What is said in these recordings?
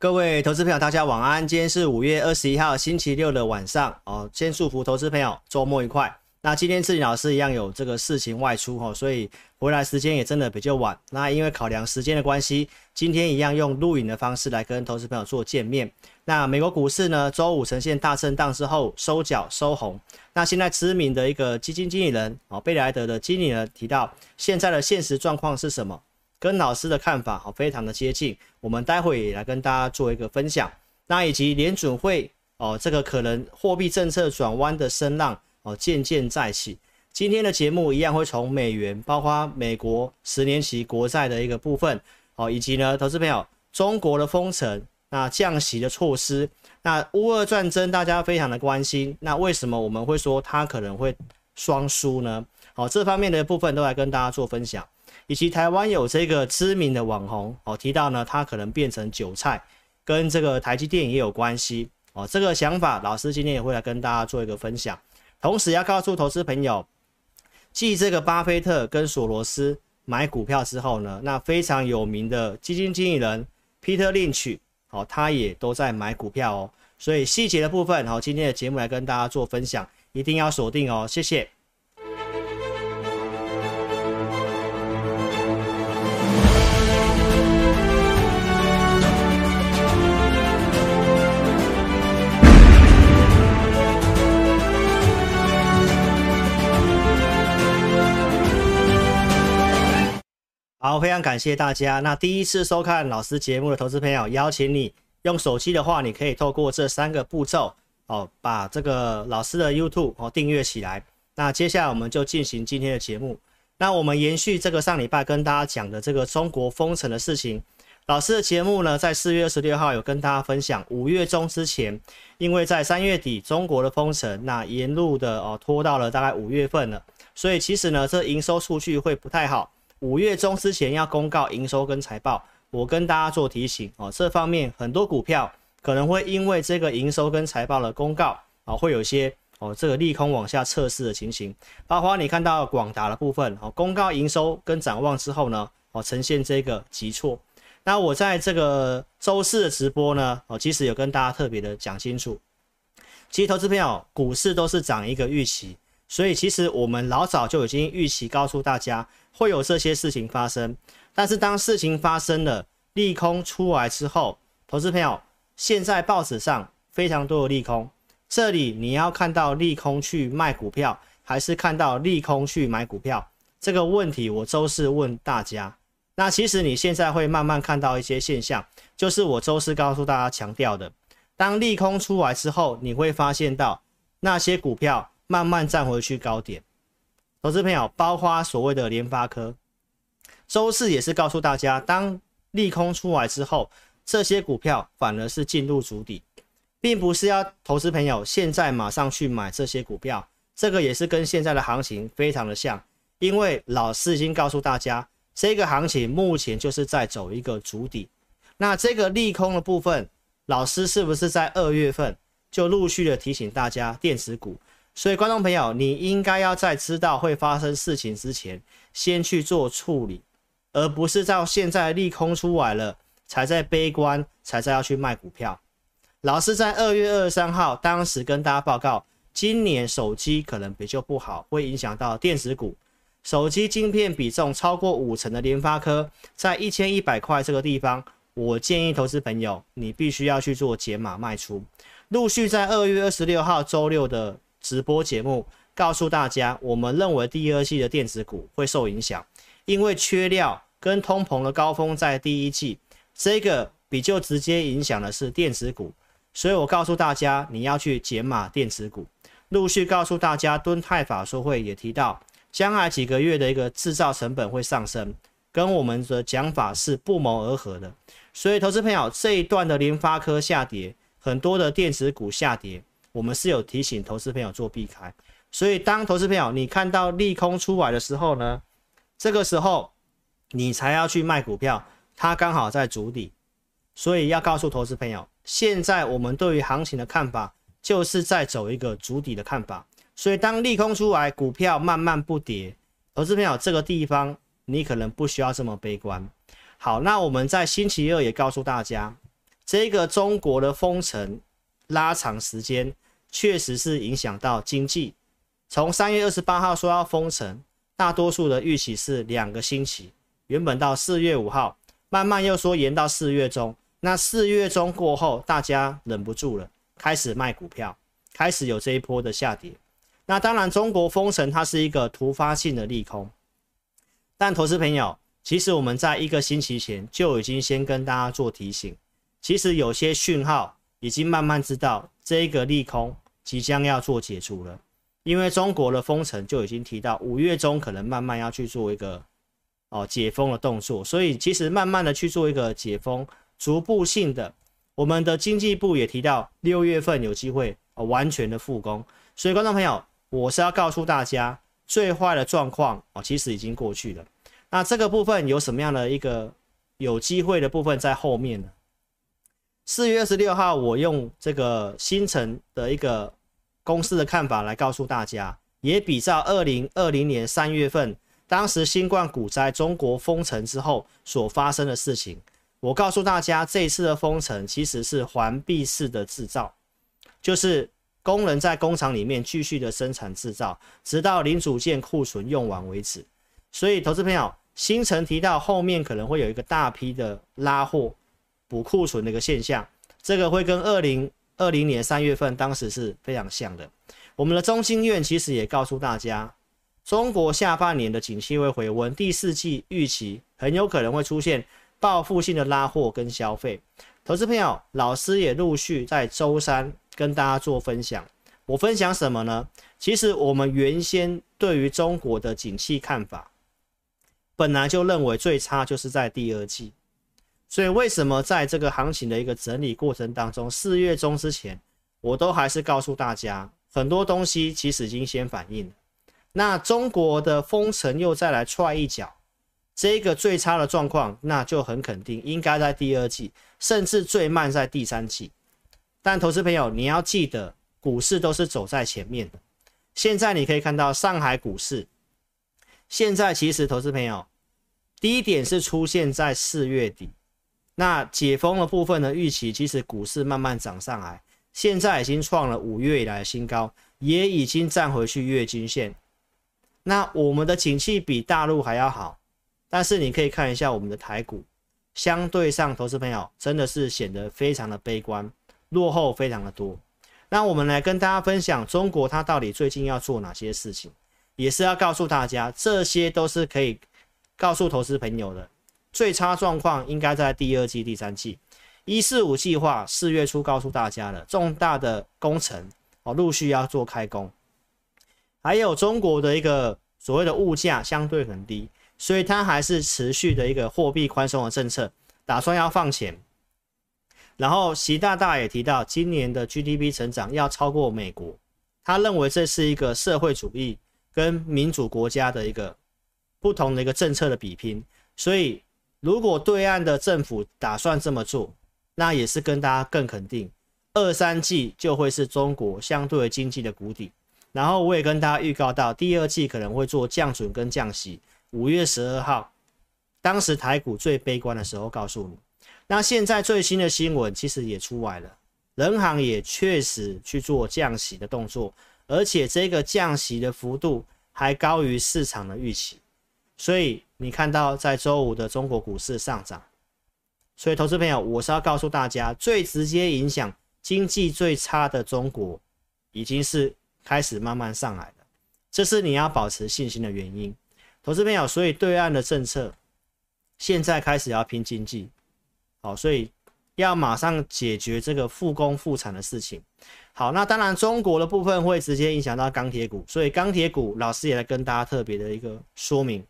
各位投資朋友，大家晚安。今天是五月二十一號，星期六的晚上哦。先祝福投資朋友周末愉快。那今天智霖老師一樣有這個事情外出哦，所以回來時間也真的比較晚。那因為考量時間的關係，今天一樣用錄影的方式來跟投資朋友做見面。那美國股市呢，週五呈現大震盪之後收腳收紅。那現在知名的一個基金經理人哦，貝萊德的經理人提到，現在的現實狀況是什麼？跟老師的看法非常的接近，我們待會也來跟大家做一個分享。那以及聯準會哦，這個可能貨幣政策轉彎的聲浪哦，漸漸再起。今天的節目一樣會從美元，包括美國十年期國債的一個部分，哦，以及呢，投資朋友中國的封城，那降息的措施，那烏俄戰爭大家非常的關心，那為什麼我們會說它可能會雙輸呢？好，哦，這方面的部分都來跟大家做分享。以及台灣有這個知名的網紅哦，提到呢，他可能變成韭菜，跟這個台積電也有關係哦。這個想法，老師今天也會來跟大家做一個分享。同時要告訴投資朋友，繼這個巴菲特跟索羅斯買股票之後呢，那非常有名的基金經理人彼得林區哦，他也都在買股票哦。所以細節的部分，好、哦，今天的節目來跟大家做分享，一定要鎖定哦，謝謝。好，非常感謝大家。那第一次收看老師節目的投資朋友，邀請你用手機的話，你可以透過這三個步驟，哦，把這個老師的 YouTube 哦訂閱起來。那接下來我們就進行今天的節目。那我們延續這個上禮拜跟大家講的這個中國封城的事情。老師的節目呢，在四月二十六號有跟大家分享，五月中之前，因為在三月底中國的封城，那沿路的哦拖到了大概五月份了，所以其實呢，這營收數據會不太好。五月中之前要公告營收跟財報，我跟大家做提醒哦。這方面很多股票可能會因為這個營收跟財報的公告哦，會有一些哦這個利空往下測試的情形。包括你看到廣達的部分哦，公告營收跟展望之後呢哦，呈現這個急挫。那我在這個週四的直播呢哦，其實有跟大家特別的講清楚。其實投資票股市都是漲一個預期，所以其實我們老早就已經預期告訴大家。會有這些事情發生，但是當事情發生了，利空出來之後，投資朋友，現在報紙上非常多的利空，這裡你要看到利空去賣股票，還是看到利空去買股票？這個問題我週四問大家。那其實你現在會慢慢看到一些現象，就是我週四告訴大家強調的，當利空出來之後，你會發現到那些股票慢慢站回去高點。投資朋友，包括所謂的聯發科，周四也是告訴大家，當利空出來之後，這些股票反而是進入主底，並不是要投資朋友現在馬上去買這些股票，這個也是跟現在的行情非常的像，因為老師已經告訴大家，這個行情目前就是在走一個主底，那這個利空的部分，老師是不是在二月份就陸續的提醒大家電子股？所以，觀眾朋友，你應該要在知道會發生事情之前，先去做處理，而不是到現在利空出來了才在悲觀，才在要去賣股票。老師在二月二十三號當時跟大家報告，今年手機可能比較不好，會影響到電子股。手機晶片比重超過五成的聯發科，在一千一百塊這個地方，我建議投資朋友，你必須要去做減碼賣出。陸續在二月二十六號周六的。直播節目告訴大家，我們認為第二季的電子股會受影響，因為缺料跟通膨的高峰在第一季，這個比較直接影響的是電子股，所以我告訴大家你要去減碼電子股。陸續告訴大家，敦泰法說會也提到，將來幾個月的一個製造成本會上升，跟我們的講法是不謀而合的。所以，投資朋友這一段的聯發科下跌，很多的電子股下跌。我們是有提醒投資朋友做避開，所以當投資朋友你看到利空出來的時候呢，這個時候你才要去賣股票，它剛好在主底，所以要告訴投資朋友，現在我們對於行情的看法就是在走一個主底的看法，所以當利空出來，股票慢慢不跌，投資朋友這個地方你可能不需要這麼悲觀。好，那我們在星期二也告訴大家，這個中國的封城。拉長時間確實是影響到經濟。從三月二十八號說要封城，大多數的預期是兩個星期。原本到四月五號，慢慢又說延到四月中。那四月中過後，大家忍不住了，開始賣股票，開始有這一波的下跌。那當然，中國封城它是一個突發性的利空。但投資朋友，其實我們在一個星期前就已經先跟大家做提醒，其實有些訊號。已經慢慢知道這一個利空即將要做解除了，因為中國的封城就已經提到五月中可能慢慢要去做一個哦解封的動作，所以其實慢慢的去做一個解封，逐步性的，我們的經濟部也提到六月份有機會完全的復工，所以觀眾朋友，我是要告訴大家，最壞的狀況哦其實已經過去了，那這個部分有什麼樣的一個有機會的部分在後面呢？四月二十六號，我用這個新城的一個公司的看法來告訴大家，也比照二零二零年三月份當時新冠股災、中國封城之後所發生的事情，我告訴大家，這一次的封城其實是環閉式的製造，就是工人在工廠裡面繼續的生產製造，直到零組件庫存用完為止。所以，投資朋友，新城提到後面可能會有一個大批的拉貨。補庫存的一個現象，這個會跟二零二零年三月份當時是非常像的。我們的中心院其實也告訴大家，中國下半年的景氣會回溫，第四季預期很有可能會出現報復性的拉貨跟消費。投資朋友，老師也陸續在週三跟大家做分享。我分享什麼呢？其實我們原先對於中國的景氣看法，本來就認為最差就是在第二季。所以為什麼在這個行情的一個整理過程當中，四月中之前，我都還是告訴大家，很多東西其實已經先反應了。那中國的封城又再來踹一腳，這個最差的狀況，那就很肯定應該在第二季，甚至最慢在第三季。但投資朋友你要記得，股市都是走在前面的。現在你可以看到，上海股市現在其實，投資朋友，低點是出現在四月底。那解封的部分呢？預期其實股市慢慢漲上來，現在已經創了五月以來的新高，也已經站回去月均線。那我們的景氣比大陸還要好，但是你可以看一下我們的台股，相對上投資朋友真的是顯得非常的悲觀，落後非常的多。那我們來跟大家分享中國它到底最近要做哪些事情，也是要告訴大家，這些都是可以告訴投資朋友的。最差狀況應該在第二季、第三季。一四五計劃四月初告訴大家了，重大的工程哦，陸續要做開工，還有中國的一個所謂的物價相對很低，所以它還是持續的一個貨幣寬鬆的政策，打算要放錢。然後習大大也提到，今年的 GDP 成長要超過美國，他認為這是一個社會主義跟民主國家的一個不同的一個政策的比拼，所以。如果對岸的政府打算這麼做，那也是跟大家更肯定，二三季就會是中國相對經濟的谷底。然後我也跟大家預告到，第二季可能會做降準跟降息。五月十二號，當時台股最悲觀的時候，告訴你。那現在最新的新聞其實也出來了，人行也確實去做降息的動作，而且這個降息的幅度還高於市場的預期。所以你看到在周五的中國股市上漲，所以投資朋友，我是要告訴大家，最直接影響經濟最差的中國，已經是開始慢慢上來了，這是你要保持信心的原因。投資朋友，所以對岸的政策現在開始要拼經濟，好，所以要馬上解決這個復工復產的事情。好，那當然中國的部分會直接影響到鋼鐵股，所以鋼鐵股老師也來跟大家特別的一個說明。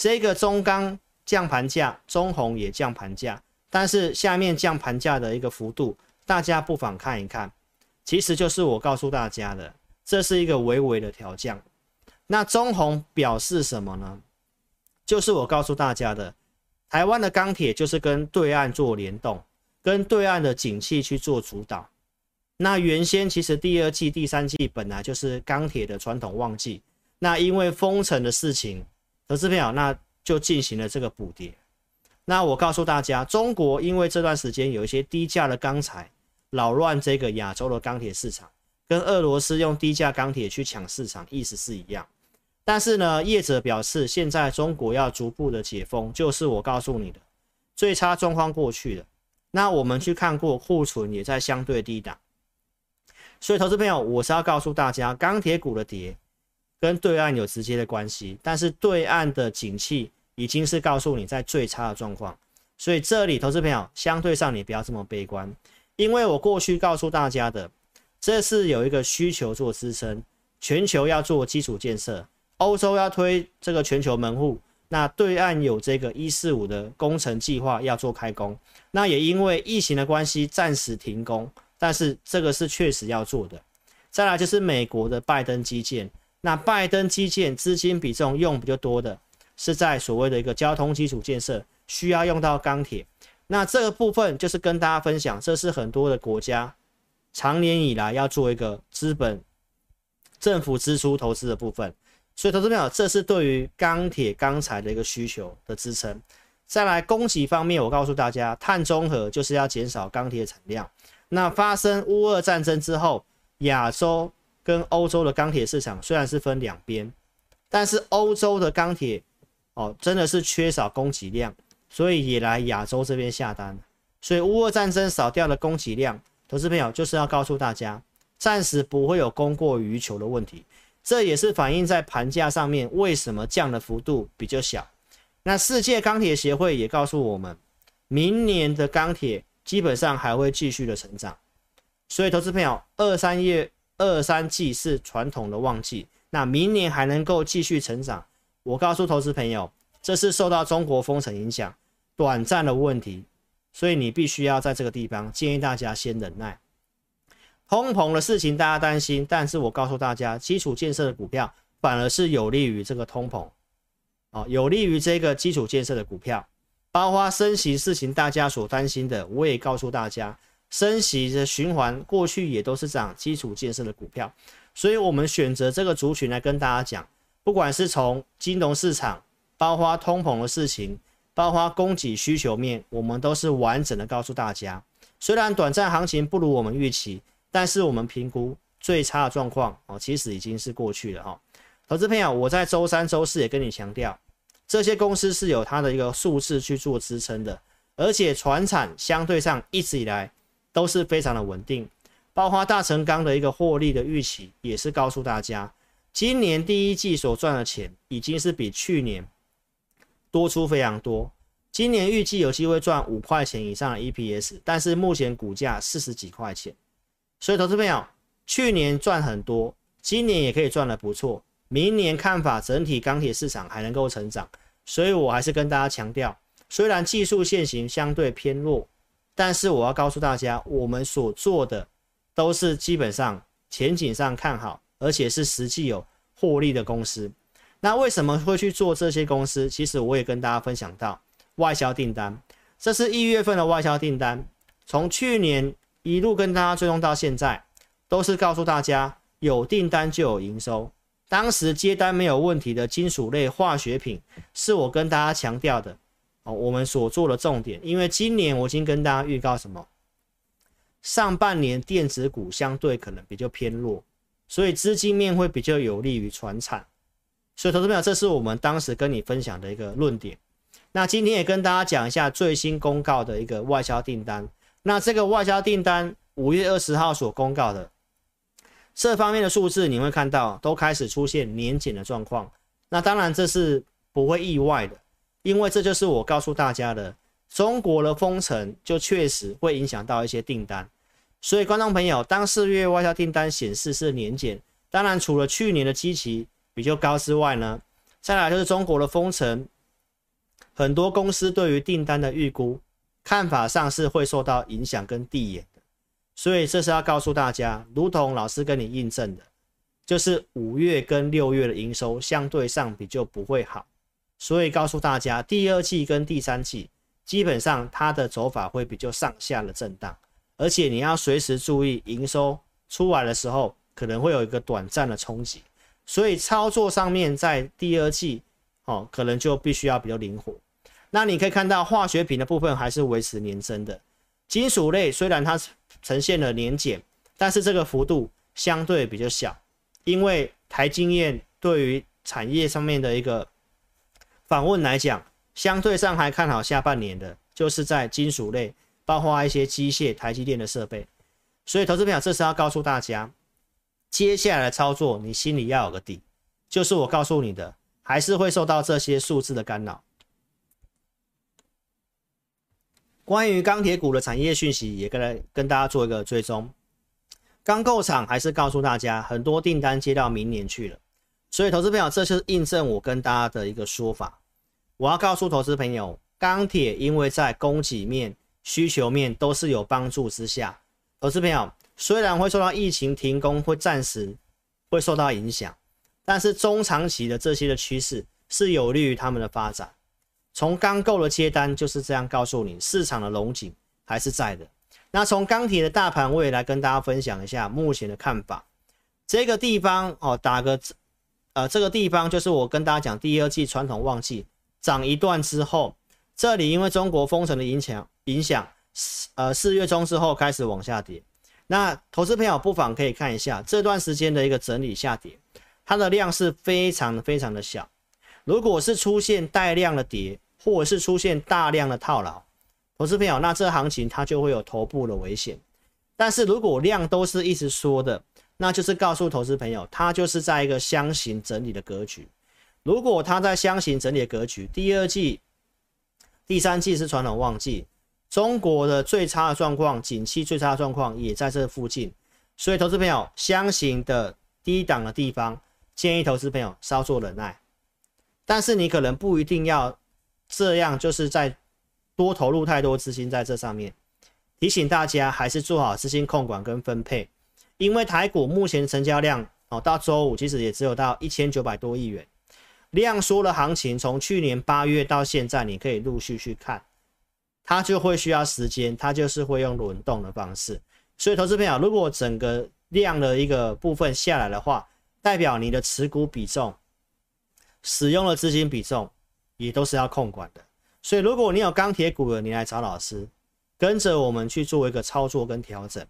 這個中鋼降盤價，中紅也降盤價，但是下面降盤價的一個幅度，大家不妨看一看。其實就是我告訴大家的，這是一個微微的調降。那中紅表示什麼呢？就是我告訴大家的，台灣的鋼鐵就是跟對岸做聯動，跟對岸的景氣去做主導。那原先其實第二季、第三季本來就是鋼鐵的傳統旺季，那因為封城的事情。投資朋友，那就進行了這個補跌。那我告訴大家，中國因為這段時間有一些低價的鋼材擾亂這個亞洲的鋼鐵市場，跟俄羅斯用低價鋼鐵去搶市場，意思是一樣。但是呢，業者表示，現在中國要逐步的解封，就是我告訴你的，最差狀況過去了。那我們去看過，庫存也在相對低檔，所以投資朋友，我是要告訴大家，鋼鐵股的跌跟對岸有直接的關係，但是對岸的景氣已經是告訴你在最差的狀況，所以這裡投資朋友，相對上你不要這麼悲觀，因為我過去告訴大家的，這是有一個需求做支撐，全球要做基礎建設，歐洲要推這個全球門戶，那對岸有這個一四五的工程計劃要做開工，那也因為疫情的關係暫時停工，但是這個是確實要做的，再來就是美國的拜登基建。那拜登基建資金比重用比較多的，是在所謂的一個交通基礎建設，需要用到鋼鐵。那這個部分就是跟大家分享，這是很多的國家長年以來要做一個資本政府支出投資的部分。所以投資朋友，這是對於鋼鐵鋼材的一個需求的支撐。再來供給方面，我告訴大家，碳中和就是要減少鋼鐵的產量。那發生烏俄戰爭之後，亞洲。跟歐洲的鋼鐵市場雖然是分兩邊，但是歐洲的鋼鐵哦，真的是缺少供給量，所以也來亞洲這邊下單。所以烏俄戰爭少掉了供給量，投資朋友就是要告訴大家，暫時不會有供過於求的問題。這也是反映在盤價上面，為什麼降的幅度比較小？那世界鋼鐵協會也告訴我們，明年的鋼鐵基本上還會繼續的成長。所以投資朋友二三月。二三季是傳統的旺季，那明年還能夠繼續成長。我告訴投資朋友，這是受到中國封城影響，短暫的問題，所以你必須要在這個地方建議大家先忍耐。通膨的事情大家擔心，但是我告訴大家，基礎建設的股票反而是有利於這個通膨，啊、哦，有利於這個基礎建設的股票。包括升息事情大家所擔心的，我也告訴大家。升息的循環，過去也都是漲基礎建設的股票，所以我們選擇這個族群來跟大家講。不管是從金融市場，包括通膨的事情，包括供給需求面，我們都是完整的告訴大家。雖然短暫行情不如我們預期，但是我們評估最差的狀況哦，其實已經是過去了哈。投資朋友，我在周三、周四也跟你強調，這些公司是有它的一個數字去做支撐的，而且傳產相對上一直以來。都是非常的穩定，包括大成鋼的一個獲利的預期也是告訴大家，今年第一季所賺的錢已經是比去年多出非常多，今年預計有機會賺五塊錢以上的 EPS，但是目前股價四十幾塊錢，所以投資朋友去年賺很多，今年也可以賺得不錯，明年看法整體鋼鐵市場還能夠成長，所以我還是跟大家強調，雖然技術線型相對偏弱。但是我要告訴大家，我們所做的都是基本上前景上看好，而且是實際有獲利的公司。那為什麼會去做這些公司？其實我也跟大家分享到外銷訂單，這是一月份的外銷訂單，從去年一路跟大家追蹤到現在，都是告訴大家有訂單就有營收。當時接單沒有問題的金屬類化學品，是我跟大家強調的。我們所做的重點，因為今年我已經跟大家預告什麼，上半年電子股相對可能比較偏弱，所以資金面會比較有利於傳產。所以投資朋友，這是我們當時跟你分享的一個論點。那今天也跟大家講一下最新公告的一個外銷訂單。那這個外銷訂單五月二十號所公告的這方面的數字，你會看到都開始出現年減的狀況。那當然這是不會意外的。因為這就是我告訴大家的，中國的封城就確實會影響到一些訂單。所以，觀眾朋友，當四月外銷訂單顯示是年減，當然除了去年的基期比較高之外呢，再來就是中國的封城，很多公司對於訂單的預估看法上是會受到影響跟遞延的。所以，這是要告訴大家，如同老師跟你印證的，就是五月跟六月的營收相對上比較不會好。所以告訴大家，第二季跟第三季基本上它的走法會比較上下的震盪，而且你要隨時注意營收出來的時候可能會有一個短暫的衝擊。所以操作上面在第二季哦，可能就必須要比較靈活。那你可以看到化學品的部分還是維持年增的，金屬類雖然它呈現了年減，但是這個幅度相對比較小，因為台積電對於產業上面的一個。訪問來講，相對上還看好下半年的，就是在金屬類，包括一些機械、台積電的設備。所以，投資朋友，這是要告訴大家，接下來操作你心裡要有個底，就是我告訴你的，還是會受到這些數字的干擾。關於鋼鐵股的產業訊息，也跟來跟大家做一個追蹤。鋼構廠還是告訴大家，很多訂單接到明年去了。所以，投資朋友，這是印證我跟大家的一個說法。我要告訴投資朋友，鋼鐵因為在供給面、需求面都是有幫助之下，投資朋友雖然會受到疫情停工，會暫時會受到影響，但是中長期的這些的趨勢是有利於他們的發展。從鋼構的接單就是這樣告訴你，市場的龍井還是在的。那從鋼鐵的大盤，我也來跟大家分享一下目前的看法。這個地方哦，打個呃，這個地方就是我跟大家講第二季傳統旺季。漲一段之後，這裡因為中國封城的影響影響，四呃四月中之後開始往下跌。那投資朋友不妨可以看一下這段時間的一個整理下跌，它的量是非常非常的小。如果是出現帶量的跌，或者是出現大量的套牢，投資朋友，那這行情它就會有頭部的危險。但是如果量都是一直縮的，那就是告訴投資朋友，它就是在一個箱型整理的格局。如果他在箱型整理的格局，第二季、第三季是傳統旺季，中國的最差的狀況、景氣最差的狀況也在這附近，所以投資朋友，箱型的低檔的地方，建議投資朋友稍作忍耐。但是你可能不一定要這樣，就是再多投入太多資金在這上面。提醒大家還是做好資金控管跟分配，因為台股目前成交量哦到周五其實也只有到一千九百多億元。量縮的行情，從去年八月到現在，你可以陸續去看，它就會需要時間，它就是會用輪動的方式。所以，投資朋友，如果整個量的一個部分下來的話，代表你的持股比重、使用的資金比重也都是要控管的。所以，如果你有鋼鐵股的，你來找老師，跟着我們去做一個操作跟調整，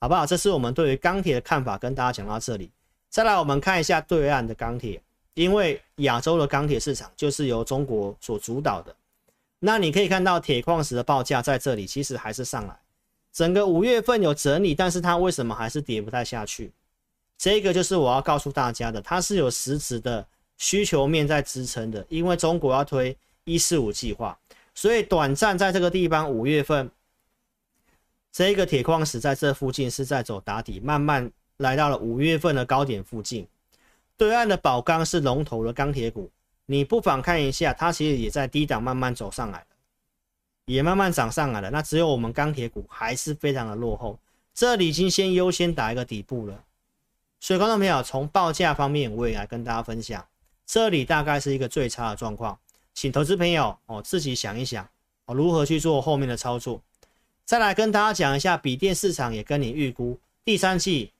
好不好？這是我們對於鋼鐵的看法，跟大家講到這裡。再來，我們看一下對岸的鋼鐵。因為亞洲的鋼鐵市場就是由中國所主導的，那你可以看到鐵礦石的報價在這裡其實還是上來。整個五月份有整理，但是它為什麼還是跌不太下去？這個就是我要告訴大家的，它是有實質的需求面在支撐的。因為中國要推“一四五”計劃，所以短暫在這個地方五月份，這個鐵礦石在這附近是在走打底，慢慢來到了五月份的高點附近。對岸的寶鋼是龍頭的鋼鐵股，你不妨看一下，它其實也在低檔慢慢走上來了，也慢慢漲上來了。那只有我們鋼鐵股還是非常的落後，這裡已經先優先打一個底部了。所以，觀眾朋友，從報價方面，我也來跟大家分享，這裡大概是一個最差的狀況，請投資朋友哦自己想一想，哦，如何去做後面的操作。再來跟大家講一下，筆電市場也跟你預估，第三季。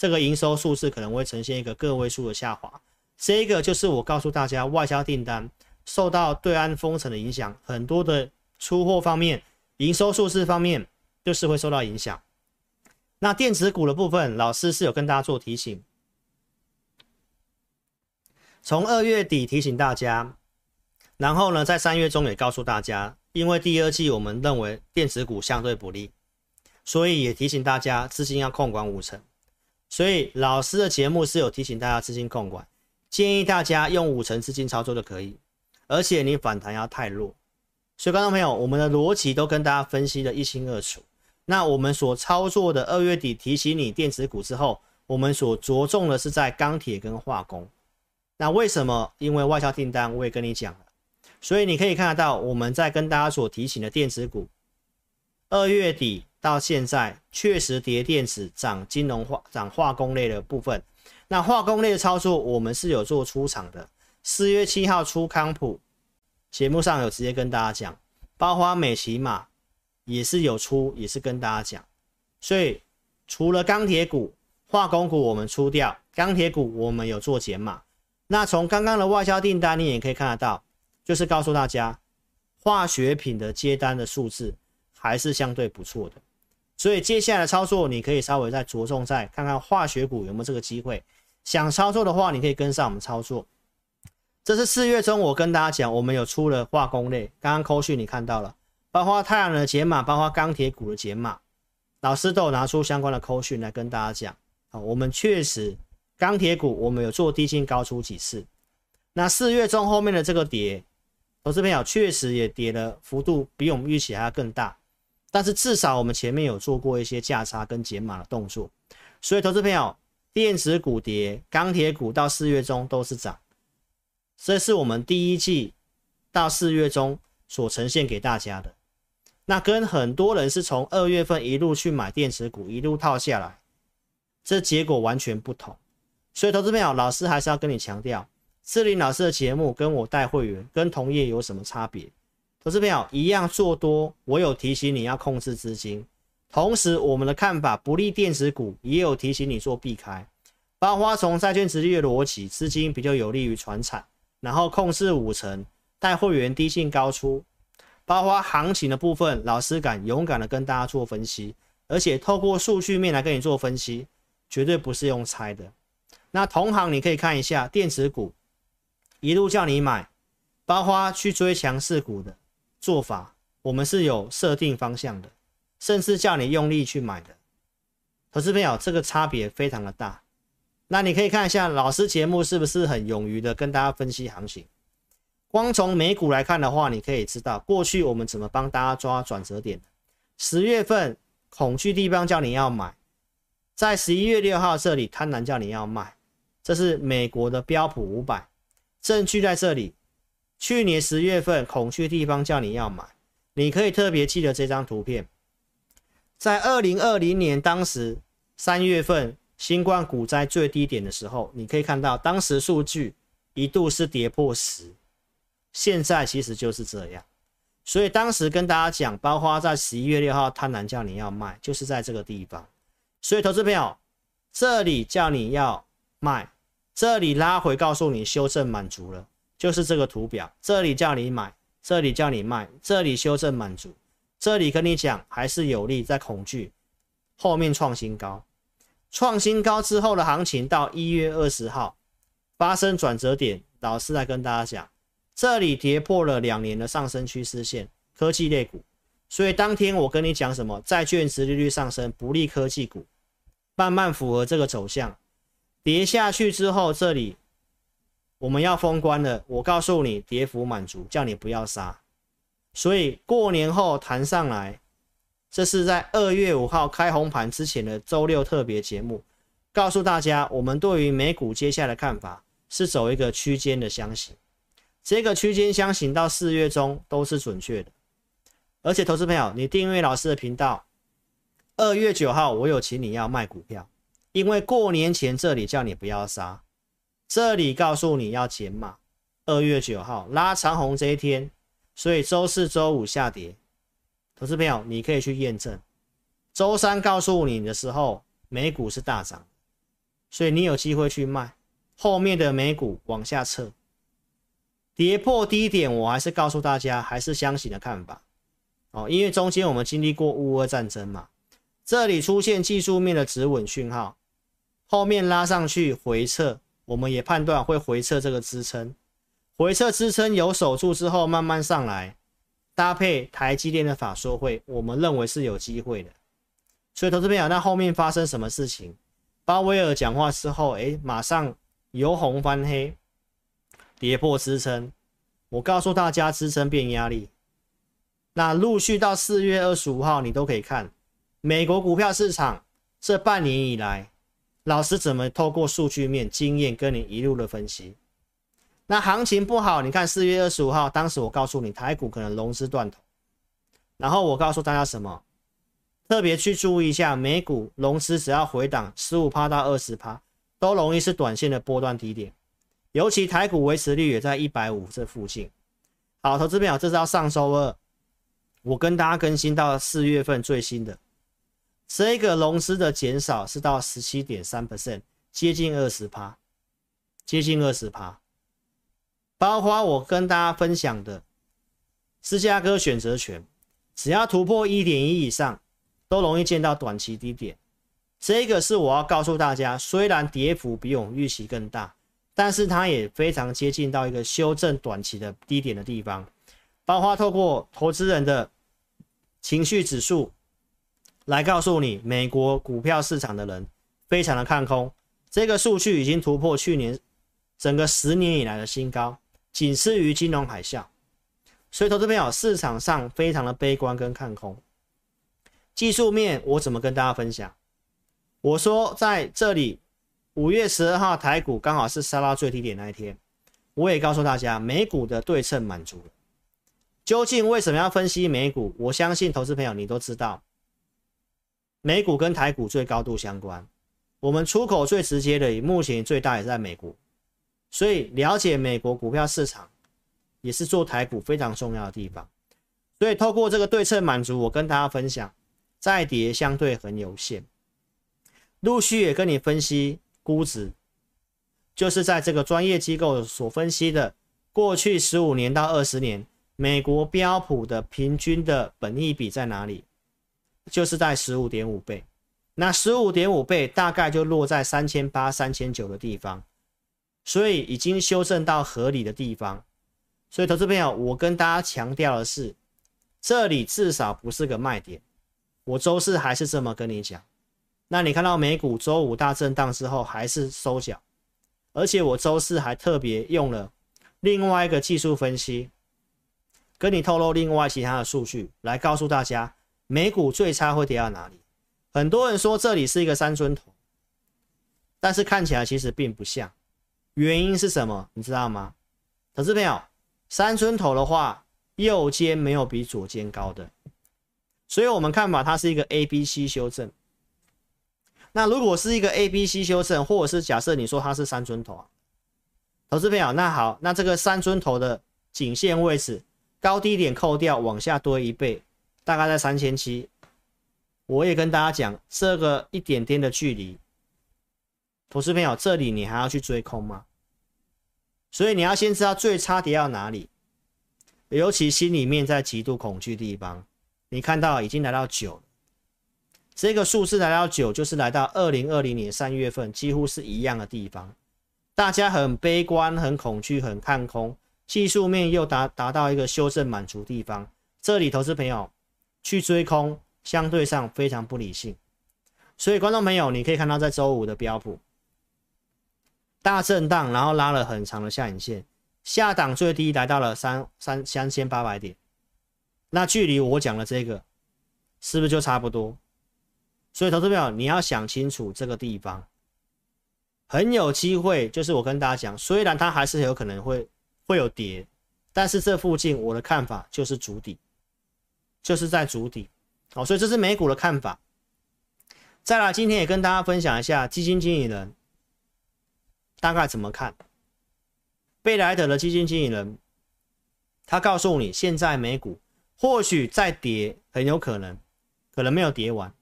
這個營收數字可能會呈現一個個位數的下滑，這個就是我告訴大家，外銷訂單受到對岸封城的影響，很多的出貨方面、營收數字方面就是會受到影響。那電子股的部分，老師是有跟大家做提醒，從二月底提醒大家，然後呢，在三月中也告訴大家，因為第二季我們認為電子股相對不利，所以也提醒大家資金要控管五成。所以老師的節目是有提醒大家資金控管，建議大家用五成資金操作就可以，而且你反彈要太弱。所以觀眾朋友，我們的邏輯都跟大家分析得一清二楚。那我們所操作的二月底提醒你電子股之後，我們所着重的是在鋼鐵跟化工。那為什麼？因為外銷訂單我也跟你講了。所以你可以看得到，我們在跟大家所提醒的電子股，二月底。到現在確實，跌電子漲金融化漲化工類的部分。那化工類的操作，我們是有做出場的。四月七號出康普，節目上有直接跟大家講。包括美琪瑪也是有出，也是跟大家講。所以除了鋼鐵股、化工股我們出掉，鋼鐵股我們有做減碼。那從剛剛的外銷訂單，你也可以看得到，就是告訴大家，化學品的接單的數字還是相對不錯的。所以接下來的操作，你可以稍微再着重再看看化學股有沒有這個機會。想操作的話，你可以跟上我們操作。這是四月中我跟大家講，我們有出了化工類，剛剛扣訊你看到了，包括太陽能的減碼，包括鋼鐵股的減碼，老師都有拿出相關的扣訊來跟大家講。啊，我們確實鋼鐵股我們有做低進高出幾次。那四月中後面的這個跌，投資朋友確實也跌了，幅度比我們預期還要更大。但是至少我們前面有做過一些價差跟減碼的動作，所以投資朋友，電子股跌，鋼鐵股到四月中都是漲，這是我們第一季到四月中所呈現給大家的。那跟很多人是從二月份一路去買電子股，一路套下來，這結果完全不同。所以投資朋友，老師還是要跟你強調，智霖老師的節目跟我帶會員跟同業有什麼差別？投資朋友一樣做多，我有提醒你要控制資金。同時，我們的看法不利電子股，也有提醒你做避開。包括從債券殖利的邏輯，資金比較有利於傳產，然後控制五成，帶會員低進高出。包括行情的部分，老師敢勇敢的跟大家做分析，而且透過數據面來跟你做分析，絕對不是用猜的。那同行你可以看一下，電子股一路叫你買，包括去追強勢股的。做法我們是有設定方向的，甚至叫你用力去買的。投資朋友，這個差別非常的大。那你可以看一下老師節目是不是很勇於的跟大家分析行情。光從美股來看的話，你可以知道過去我們怎麼幫大家抓轉折點。十月份恐懼地方叫你要買，在十一月六號這裡貪婪叫你要賣，這是美國的標普五百，證據在這裡。去年十月份，恐懼地方叫你要買，你可以特別記得這張圖片，在二零二零年當時三月份新冠股災最低點的時候，你可以看到當時數據一度是跌破十，現在其實就是這樣。所以當時跟大家講，包括在十一月六號貪婪叫你要賣，就是在這個地方。所以投資朋友，這裡叫你要賣，這裡拉回告訴你修正滿足了。就是這個圖表，這裡叫你買，這裡叫你賣，這裡修正滿足，這裡跟你講還是有利，在恐懼。後面創新高，創新高之後的行情到一月二十號發生轉折點，老師來跟大家講，這裡跌破了兩年的上升趨勢線，科技類股，所以當天我跟你講什麼，債券殖利率上升不利科技股，慢慢符合這個走向，跌下去之後這裡。我們要封關了，我告訴你，跌幅滿足，叫你不要殺。所以過年後談上來，這是在二月五號開紅盤之前的週六特別節目，告訴大家我們對於美股接下來的看法是走一個區間的箱型，這個區間箱型到四月中都是準確的。而且，投資朋友，你訂閱老師的頻道，二月九號我有請你要賣股票，因為過年前這裡叫你不要殺。這裡告訴你要減碼，二月九號拉長紅這一天，所以周四、周五下跌。投資朋友，你可以去驗證。周三告訴你的時候，美股是大漲，所以你有機會去賣。後面的美股往下測，跌破低點，我還是告訴大家，還是相信的看法哦，因為中間我們經歷過烏俄戰爭嘛，這裡出現技術面的止穩訊號，後面拉上去回撤。我們也判斷會回測這個支撐，回測支撐有守住之後，慢慢上來，搭配台積電的法說會，我們認為是有機會的。所以投資朋友，那後面發生什麼事情？鮑威爾講話之後，哎，誒，馬上由紅翻黑，跌破支撐。我告訴大家，支撐變壓力。那陸續到四月二十五號，你都可以看美國股票市場這半年以來。老師怎麼透過數據面、經驗跟你一路的分析？那行情不好，你看四月二十五號，當時我告訴你台股可能融資斷頭，然後我告訴大家什麼？特別去注意一下，美股融資只要回檔十五趴到二十趴，都容易是短線的波段低點，尤其台股維持率也在一百五這附近。好，投資朋友，這是要上周二，我跟大家更新到四月份最新的。這個融資的減少是到十七點三 percent，接近二十趴，接近二十趴。包括我跟大家分享的，芝加哥選擇權，只要突破一點一以上，都容易見到短期低點。這個是我要告訴大家，雖然跌幅比我們預期更大，但是它也非常接近到一個修正短期的低點的地方。包括透過投資人的情緒指數。來告訴你，美國股票市場的人非常的看空，這個數據已經突破去年整個十年以來的新高，僅次於金融海嘯，所以投資朋友市場上非常的悲觀跟看空。技術面我怎麼跟大家分享？我說在這裡五月十二號台股剛好是殺到最低點那一天，我也告訴大家美股的對稱滿足了。究竟為什麼要分析美股？我相信投資朋友你都知道。美股跟台股最高度相關，我們出口最直接的，目前最大也在美國，所以了解美國股票市場也是做台股非常重要的地方。所以透過這個對稱滿足，我跟大家分享，再跌相對很有限。陸續也跟你分析估值，就是在這個專業機構所分析的過去十五年到二十年，美國標普的平均的本益比在哪裡？就是在十五點五倍，那十五點五倍大概就落在三千八、三千九的地方，所以已經修正到合理的地方。所以，投資朋友，我跟大家強調的是，這裡至少不是個賣點。我週四還是這麼跟你講。那你看到美股週五大震盪之後還是收繳，而且我週四還特別用了另外一個技術分析，跟你透露另外其他的數據來告訴大家。美股最差會跌到哪裡？很多人說這裡是一個三尊頭，但是看起來其實並不像。原因是什麼？你知道嗎，投資朋友？三尊頭的話，右肩沒有比左肩高的，所以我們看吧，它是一個 A、B、C 修正。那如果是一個 A、B、C 修正，或者是假設你說它是三尊頭啊，投資朋友，那好，那這個三尊頭的頸線位置高低點扣掉，往下多一倍，大概在三千七，我也跟大家講這個一點點的距離，投資朋友，這裡你還要去追空嗎？所以你要先知道最差跌到哪裡，尤其心裡面在極度恐懼地方，你看到已經來到九，這個數字來到九，就是來到二零二零年三月份，幾乎是一樣的地方，大家很悲觀、很恐懼、很看空，技術面又達達到一個修正滿足的地方，這裡投資朋友。去追空相對上非常不理性，所以觀眾朋友，你可以看到在週五的標普大震盪，然後拉了很長的下影線，下檔最低來到了三三三千八百點，那距離我講的這個是不是就差不多？所以投資朋友，你要想清楚這個地方很有機會，就是我跟大家講，雖然它還是有可能會會有跌，但是這附近我的看法就是築底。就是在築底，哦，所以這是美股的看法。再來，今天也跟大家分享一下基金經理人大概怎麼看。貝萊德的基金經理人，他告訴你，現在美股或許在跌，很有可能，可能沒有跌完，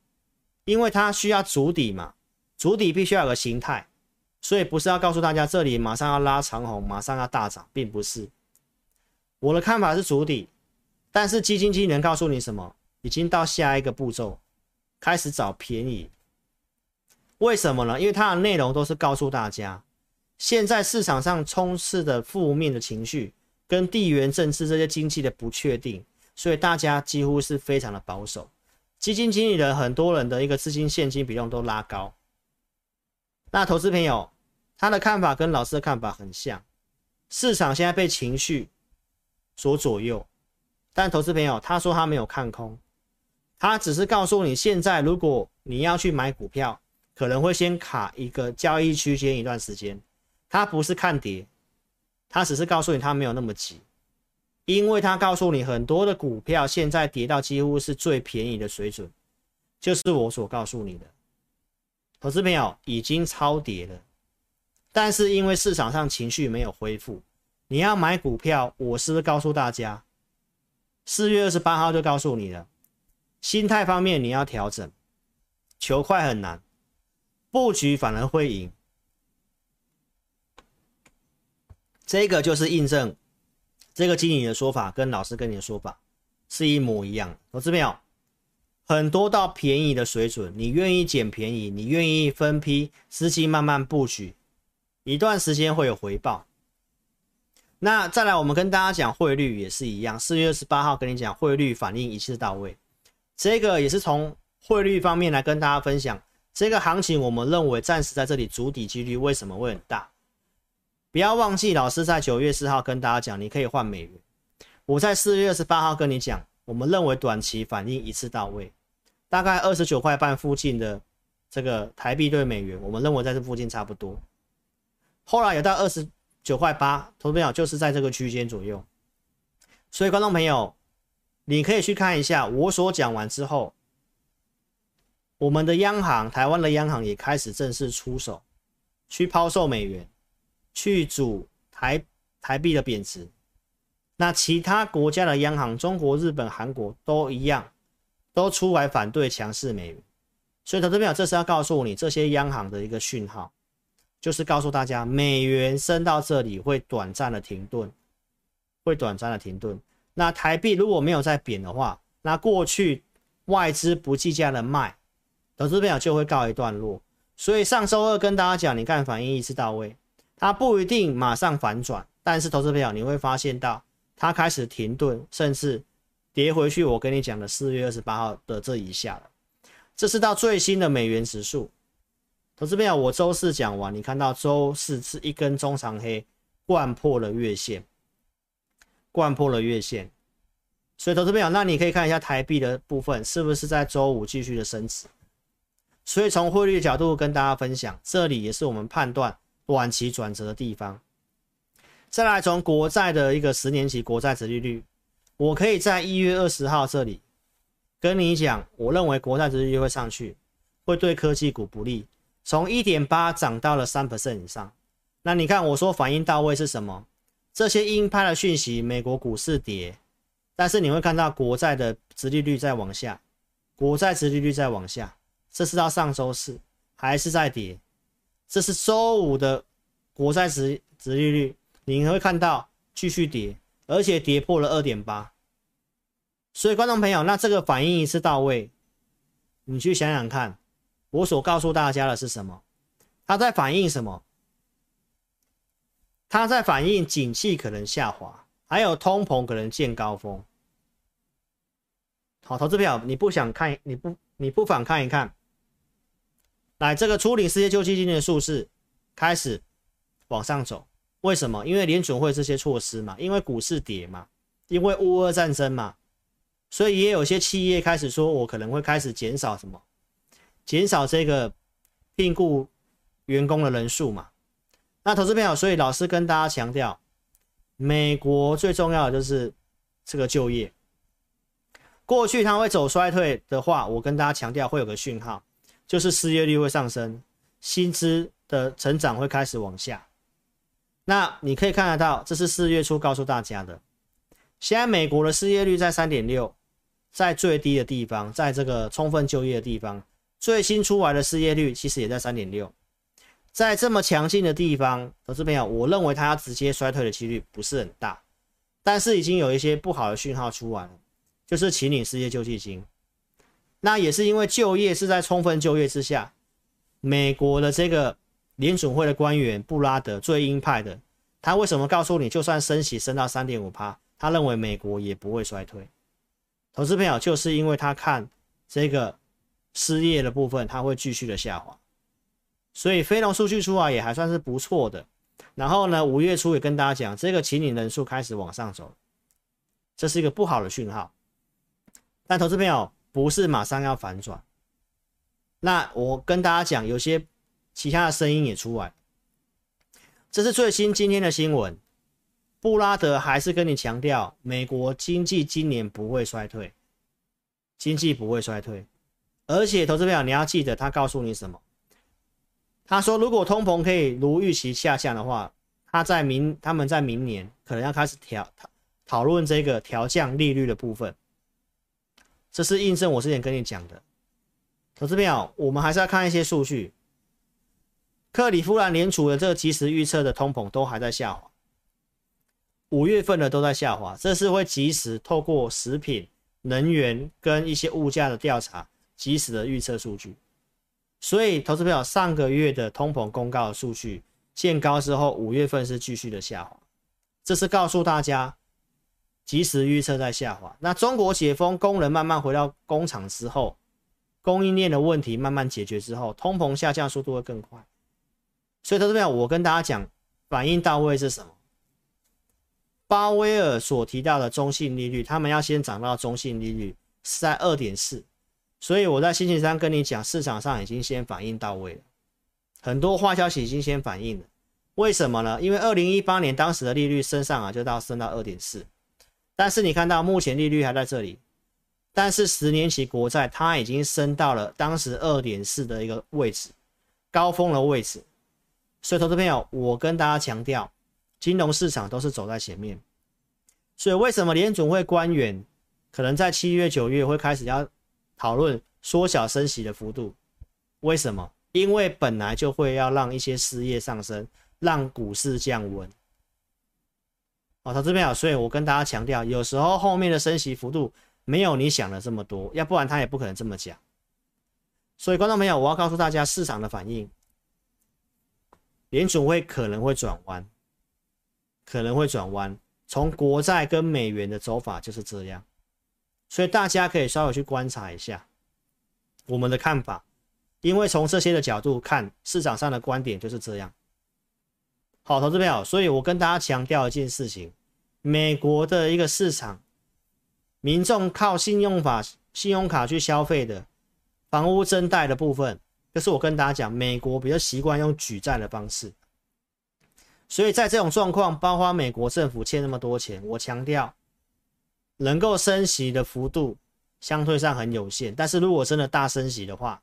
因為它需要築底嘛，築底必須要有個形態，所以不是要告訴大家這裡馬上要拉長紅，馬上要大漲，並不是。我的看法是築底。但是基金經理能告訴你什麼？已經到下一個步驟，開始找便宜。為什麼呢？因為它的內容都是告訴大家，現在市場上充斥的負面的情緒跟地緣政治這些經濟的不確定，所以大家幾乎是非常的保守。基金經理的很多人的一個資金現金比重都拉高。那投資朋友他的看法跟老師的看法很像，市場現在被情緒所左右，但投資朋友，他說他沒有看空，他只是告訴你，現在如果你要去買股票，可能會先卡一個交易區間一段時間。他不是看跌，他只是告訴你他沒有那麼急，因為他告訴你很多的股票現在跌到幾乎是最便宜的水準，就是我所告訴你的。投資朋友已經超跌了，但是因為市場上情緒沒有恢復，你要買股票，我是不是告訴大家？四月二十八號就告訴你了，心態方面你要調整，求快很難，布局反而會贏。這個就是印證這個經理的說法，跟老師跟你的說法是一模一樣。同志們，有很多到便宜的水準，你願意撿便宜，你願意分批、時期慢慢布局，一段時間會有回報。那再來，我們跟大家講匯率也是一樣。四月二十八號跟你講匯率反應一次到位，這個也是從匯率方面來跟大家分享。這個行情我們認為暫時在這裡築底幾率為什麼會很大？不要忘記，老師在九月四號跟大家講，你可以換美元。我在四月二十八號跟你講，我們認為短期反應一次到位，大概二十九塊半附近的這個台幣兌美元，我們認為在這附近差不多。後來有到二十。九塊八，投資朋友就是在這個區間左右，所以觀眾朋友，你可以去看一下我所講完之後，我們的央行，台灣的央行也開始正式出手，去拋售美元，去阻台台幣的貶值。那其他國家的央行，中國、日本、韓國都一樣，都出來反對強勢美元。所以投資朋友，這是要告訴你這些央行的一個訊號。就是告訴大家，美元升到這裡會短暫的停頓，會短暫的停頓。那台幣如果沒有再貶的話，那過去外資不計價的賣，投資朋友就會告一段落。所以上週二跟大家講，你看反應一次到位，它不一定馬上反轉，但是投資朋友你會發現到它開始停頓，甚至跌回去。我跟你講的四月二十八號的這一下了，這是到最新的美元指數。投資朋友啊，我周四講完，你看到周四是一根中長黑，貫破了月線，貫破了月線，所以投資朋友講，那你可以看一下台幣的部分是不是在周五繼續的升值？所以從匯率角度跟大家分享，這裡也是我們判斷短期轉折的地方。再來從國債的一個十年期國債殖利率，我可以在一月二十號這裡跟你講，我認為國債殖利率會上去，會對科技股不利。從一點八漲到了三%以上，那你看我說反應到位是什麼？這些鷹派的訊息，美國股市跌，但是你會看到國債的殖利率在往下，國債殖利率在往下。這是到上周四還是在跌，這是周五的國債殖殖利率，你會看到繼續跌，而且跌破了二點八。所以觀眾朋友，那這個反應一次到位，你去想想看。我所告訴大家的是什麼？它在反映什麼？它在反映景氣可能下滑，還有通膨可能見高峰。好，投資票，你不想看，你不，你不妨看一看。來，這個初領世界救濟金的數字開始往上走。為什麼？因為聯準會這些措施嘛，因為股市跌嘛，因為烏俄戰爭嘛，所以也有些企業開始說，我可能會開始減少什麼。減少這個聘僱員工的人數嘛？那投資朋友，所以老師跟大家強調，美國最重要的就是這個就業。過去它會走衰退的話，我跟大家強調會有個訊號，就是失業率會上升，薪資的成長會開始往下。那你可以看得到，這是四月初告訴大家的。現在美國的失業率在三點六，在最低的地方，在這個充分就業的地方。最新出來的失業率其實也在三點六，在這麼強勁的地方，投資朋友，我認為它要直接衰退的幾率不是很大，但是已經有一些不好的訊號出來了，就是請領失業救濟金。那也是因為就業是在充分就業之下，美國的這個聯準會的官員布拉德最鷹派的，他為什麼告訴你就算升息升到三點五趴，他認為美國也不會衰退？投資朋友，就是因為他看這個。失業的部分它會繼續的下滑，所以非農數據出來也還算是不錯的。然後呢，五月初也跟大家講，這個請領人數開始往上走，這是一個不好的訊號。但投資朋友不是馬上要反轉，那我跟大家講，有些其他的聲音也出來，這是最新今天的新聞。布拉德還是跟你強調，美國經濟今年不會衰退，經濟不會衰退。而且，投資朋友，你要記得他告訴你什麼？他說，如果通膨可以如預期下降的話，他在明，他們在明年可能要開始調討論這個調降利率的部分。這是印證我之前跟你講的。投資朋友，我們還是要看一些數據。克里夫蘭聯儲的這個即時預測的通膨都還在下滑，五月份的都在下滑，這是會即時透過食品、能源跟一些物價的調查，及時的預測數據，所以投資表，上個月的通膨公告的數據限高之後，五月份是繼續的下滑。這是告訴大家，及時預測在下滑。那中國解封工人慢慢回到工廠之後，供應鏈的問題慢慢解決之後，通膨下降速度會更快。所以投資表我跟大家講，反應到位是什麼？鮑威爾所提到的中性利率，他們要先漲到中性利率是在二點四。所以我在星期三跟你講，市場上已經先反應到位了，很多壞消息已經先反應了。為什麼呢？因為二零一八年當時的利率升上啊，就到升到二點四，但是你看到目前利率還在這裡，但是十年期國債它已經升到了當時二點四的一個位置，高峰的位置。所以，投資朋友，我跟大家強調，金融市場都是走在前面。所以，為什麼聯準會官員可能在七月、九月會開始要？討論縮小升息的幅度，為什麼？因為本來就會要讓一些失業上升，讓股市降溫。哦，他這邊啊，所以我跟大家強調，有時候後面的升息幅度沒有你想的這麼多，要不然他也不可能這麼講。所以，觀眾朋友，我要告訴大家，市場的反應，聯準會可能會轉彎，可能會轉彎。從國債跟美元的走法就是這樣。所以大家可以稍微去觀察一下我們的看法，因為從這些的角度看，市場上的觀點就是這樣。好，投資朋友，所以我跟大家強調一件事情：美國的一個市場，民眾靠信用法、信用卡去消費的房屋增貸的部分，就是我跟大家講，美國比較習慣用舉債的方式。所以在這種狀況，包括美國政府欠那麼多錢，我強調。能夠升息的幅度相對上很有限，但是如果真的大升息的話，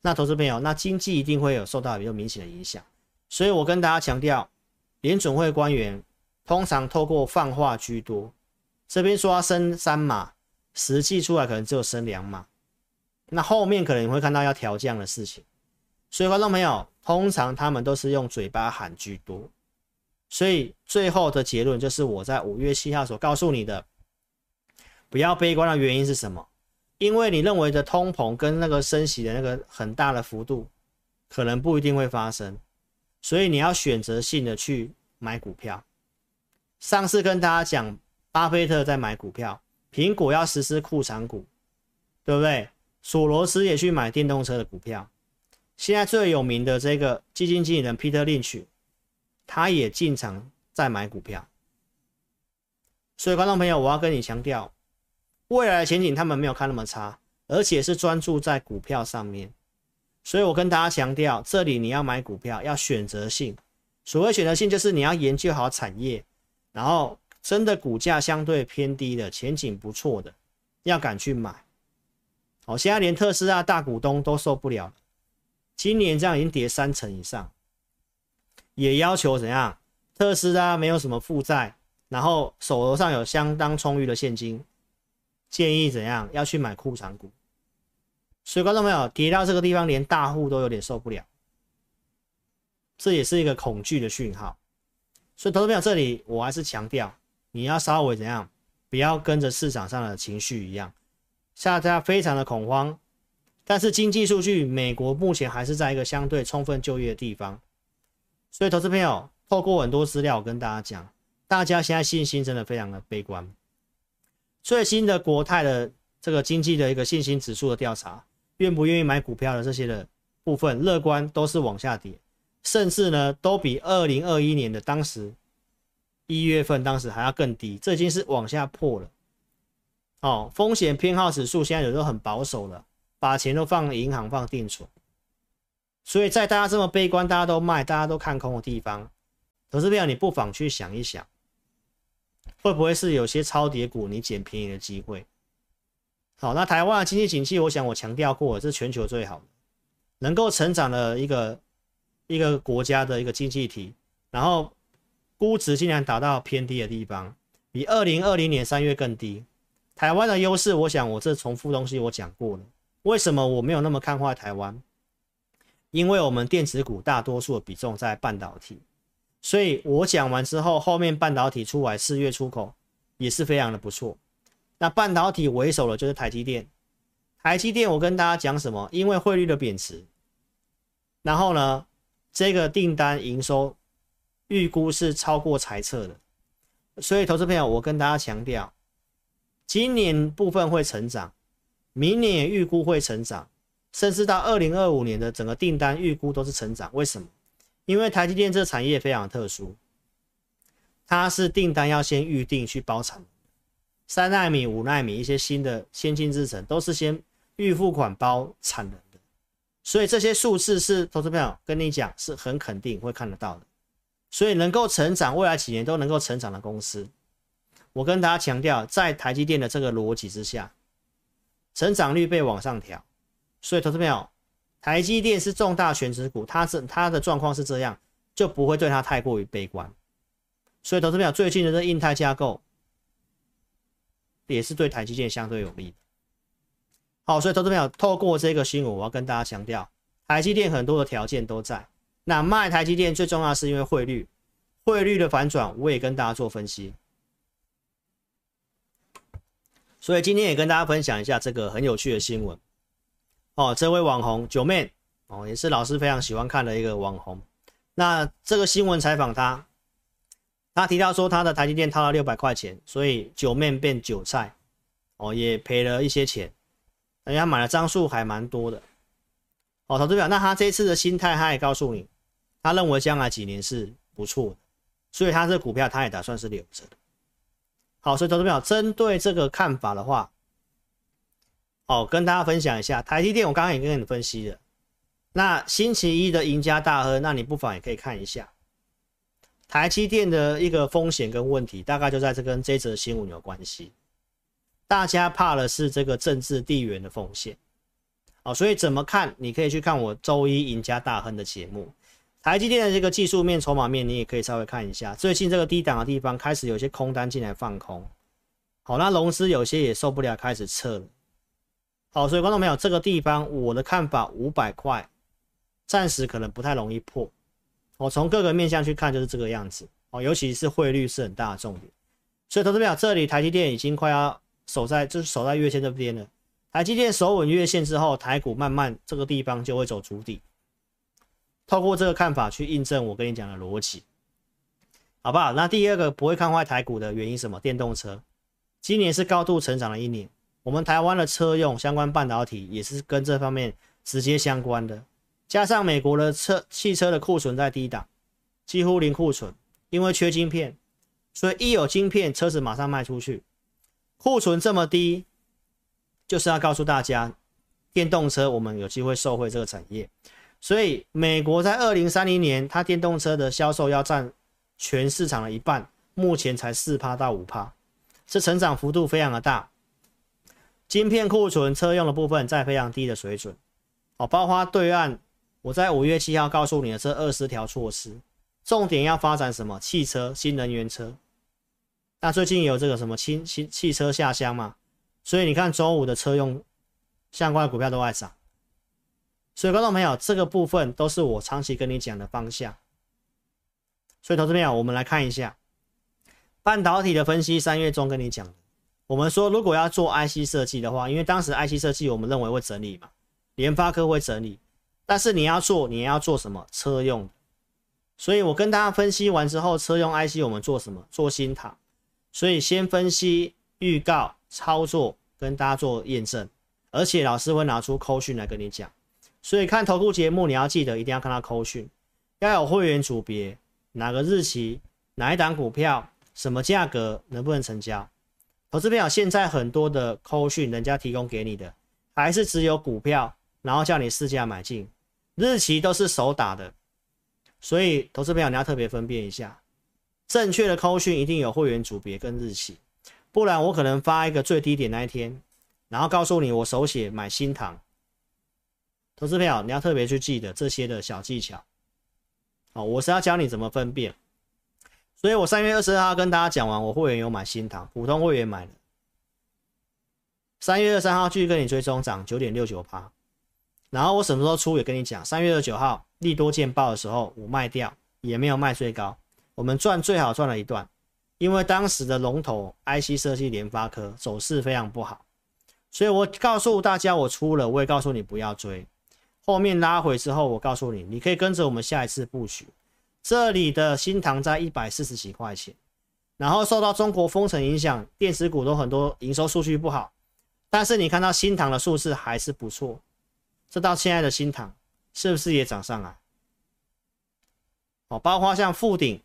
那投資朋友，那經濟一定會有受到比較明顯的影響。所以我跟大家強調，聯準會官員通常透過放話居多，這邊說他升三碼，實際出來可能只有升兩碼，那後面可能你會看到要調降的事情。所以觀眾朋友，通常他們都是用嘴巴喊居多，所以最後的結論就是我在五月七號所告訴你的。不要悲觀的原因是什麼？因為你認為的通膨跟那個升息的那個很大的幅度，可能不一定會發生，所以你要選擇性的去買股票。上次跟大家講，巴菲特在買股票，蘋果要實施庫藏股，對不對？索羅斯也去買電動車的股票，現在最有名的這個基金經理人彼得林區，他也進場在買股票。所以，觀眾朋友，我要跟你強調。未來的前景，他們沒有看那麼差，而且是專注在股票上面。所以我跟大家強調，這裡你要買股票要選擇性。所謂選擇性，就是你要研究好產業，然後真的股價相對偏低的，前景不錯的，要敢去買。好、哦，現在連特斯拉大股東都受不了了，今年這樣已經跌三成以上，也要求怎樣？特斯拉沒有什麼負債，然後手頭上有相當充裕的現金。建議怎樣，要去買庫藏股？所以，觀眾朋友，跌到這個地方，連大戶都有點受不了，這也是一個恐懼的訊號。所以，投資朋友，這裡我還是強調，你要稍微怎樣，不要跟着市場上的情緒一樣，現在大家非常的恐慌。但是，經濟數據美國目前還是在一個相對充分就業的地方。所以，投資朋友，透過很多資料跟大家講，大家現在信心真的非常的悲觀。最新的國泰的這個經濟的一個信心指數的調查，願不願意買股票的這些的部分，樂觀都是往下跌，甚至呢都比二零二一年的當時一月份當時還要更低，這已經是往下破了。哦，風險偏好指數現在有時候很保守了，把錢都放銀行放定存。所以在大家這麼悲觀，大家都賣，大家都看空的地方，投資者你不妨去想一想。會不會是有些超跌股？你撿便宜的機會。好，那台灣的經濟景氣，我想我強調過了，是全球最好能夠成長的一個一個國家的一個經濟體，然後估值竟然達到偏低的地方，比二零二零年三月更低。台灣的優勢，我想我這重複東西我講過了。為什麼我沒有那麼看壞台灣？因為我們電子股大多數的比重在半導體。所以我講完之後，後面半導體出來，四月出口也是非常的不錯。那半導體為首的，就是台積電。台積電，我跟大家講什麼？因為匯率的貶值，然後呢，這個訂單營收預估是超過財測的。所以，投資朋友，我跟大家強調，今年部分會成長，明年也預估會成長，甚至到二零二五年的整個訂單預估都是成長。為什麼？因為台積電這產業非常特殊，它是訂單要先預定去包產能，三奈米、五奈米一些新的先進製程都是先預付款包產能的，所以這些數字是投資朋友跟你講是很肯定會看得到的。所以能夠成長，未來幾年都能夠成長的公司，我跟大家強調，在台積電的這個邏輯之下，成長率被往上調，所以投資朋友。台積電是重大權值股，它是它的狀況是這樣，就不會對它太過於悲觀。所以投，投資朋友最近的這個印太架構，也是對台積電相對有利的。好，所以投資朋友透過這個新聞，我要跟大家強調，台積電很多的條件都在。那賣台積電最重要的是因為匯率，匯率的反轉，我也跟大家做分析。所以今天也跟大家分享一下這個很有趣的新聞。哦，這位網紅九妹哦，也是老師非常喜歡看的一個網紅。那這個新聞採訪他，他提到說他的台積電套了六百塊錢，所以九妹變韭菜，哦也賠了一些錢。那他買了張數還蠻多的。好，哦，投資表，那他這次的心態他也告訴你，他認為將來幾年是不錯的，所以他這個股票他也打算是留着的。好，所以投資表針對這個看法的話。哦，跟大家分享一下台積電，我剛剛也跟你分析了。那星期一的贏家大亨，那你不妨也可以看一下台積電的一個風險跟問題，大概就在這跟這則新聞有關係。大家怕的是這個政治地緣的風險。哦，所以怎麼看？你可以去看我周一贏家大亨的節目，台積電的這個技術面、籌碼面，你也可以稍微看一下。最近這個低檔的地方開始有些空單進來放空。好，那融資有些也受不了，開始撤了。好、哦，所以觀眾朋友，這個地方我的看法500塊，五百塊暫時可能不太容易破。我、哦、從各個面向去看，就是這個樣子。哦，尤其是匯率是很大的重點。所以投資者朋友，這裡台積電已經快要守在，就是守在月線這邊了。台積電守穩月線之後，台股慢慢這個地方就會走築底。透過這個看法去印證我跟你講的邏輯，好不好？那第二個不會看壞台股的原因，什麼？電動車今年是高度成長的一年。我們台灣的車用相關半導體也是跟這方面直接相關的，加上美國的車汽車的庫存在低檔，幾乎零庫存，因為缺晶片，所以一有晶片，車子馬上賣出去，庫存這麼低，就是要告訴大家，電動車我們有機會受惠這個產業，所以美國在二零三零年，它電動車的銷售要佔全市場的一半，目前才四趴到五趴，這成長幅度非常的大。晶片庫存車用的部分在非常低的水準，哦，包括對岸我在五月七號告訴你的這二十條措施，重點要發展什麼？汽車、新能源車。那最近有這個什麼新新汽，汽車下鄉嘛？所以你看週五的車用相關的股票都在漲。所以觀眾朋友，這個部分都是我長期跟你講的方向。所以同志們，我們來看一下半導體的分析，三月中跟你講的。我們說，如果要做 IC 設計的話，因為當時 IC 設計，我們認為會整理嘛，聯發科會整理。但是你要做，你要做什麼？車用。所以我跟大家分析完之後，車用 IC 我們做什麼？做新唐。所以先分析、預告、操作，跟大家做驗證。而且老師會拿出扣訊來跟你講。所以看投顧節目，你要記得一定要看到扣訊，要有會員組別、哪個日期、哪一檔股票、什麼價格，能不能成交。投資朋友，現在很多的 call 訊，人家提供給你的還是只有股票，然後叫你市價買進，日期都是手打的，所以投資朋友，你要特別分辨一下，正確的 call 訊一定有會員組別跟日期。不然我可能發一個最低點那一天，然後告訴你我手寫買新唐，投資朋友，你要特別去記得這些的小技巧，好，我是要教你怎麼分辨。所以我三月二十二號跟大家講完，我會員有買新唐，普通會員買了。三月二十三號繼續跟你追蹤漲九點六九趴，然後我什麼時候出也跟你講，三月二十九號利多見報的時候我賣掉，也沒有賣最高，我們賺最好賺了一段，因為當時的龍頭 IC 設計聯發科走勢非常不好，所以我告訴大家我出了，我也告訴你不要追，後面拉回之後我告訴你，你可以跟着我們下一次布局。這裡的新唐在一百四十幾塊錢，然後受到中國封城影響，電子股都很多營收數據不好，但是你看到新唐的數字還是不錯，這到現在的新唐是不是也漲上來？哦，包括像富鼎，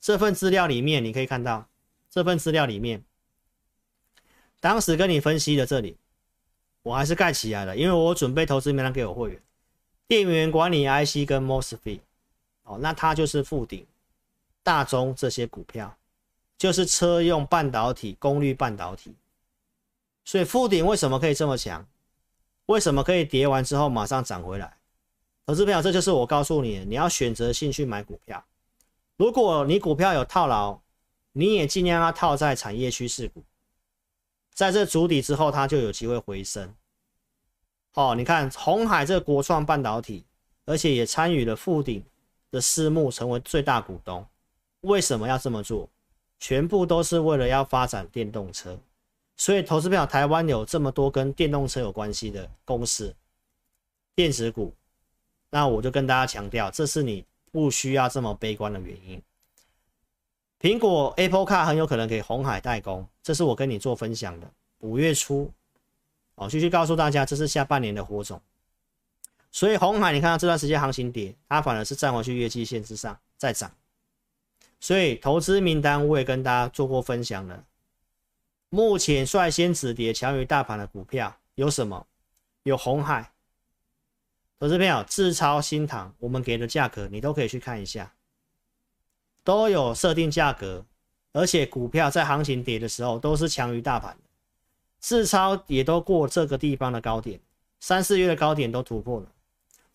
這份資料裡面你可以看到，這份資料裡面，當時跟你分析的這裡，我還是蓋起來了，因為我準備投資，名單給我會員電源管理 IC 跟 Mosfet。哦，那它就是富鼎、大中這些股票，就是車用半導體、功率半導體。所以富鼎為什麼可以這麼強？為什麼可以跌完之後馬上漲回來？投資朋友，這就是我告訴你，你要選擇性去買股票。如果你股票有套牢，你也儘量要套在產業趨勢股，在這築底之後，它就有機會回升。好、哦，你看鴻海這個國創半導體，而且也參與了富鼎。的私募成為最大股東，為什麼要這麼做？全部都是為了要發展電動車。所以投資票台灣有這麼多跟電動車有關係的公司、電子股，那我就跟大家強調，這是你不需要這麼悲觀的原因。蘋果 Apple Car 很有可能給鴻海代工，這是我跟你做分享的。五月初，我繼續告訴大家，這是下半年的火種。所以鴻海，你看到這段時間行情跌，它反而是站回去月季線之上再漲。所以投資名單我也跟大家做過分享了。目前率先止跌強於大盤的股票有什麼？有鴻海，投資票，自智超、新唐，我們給的價格你都可以去看一下，都有設定價格，而且股票在行情跌的時候都是強於大盤的。智超也都過這個地方的高點，三四月的高點都突破了。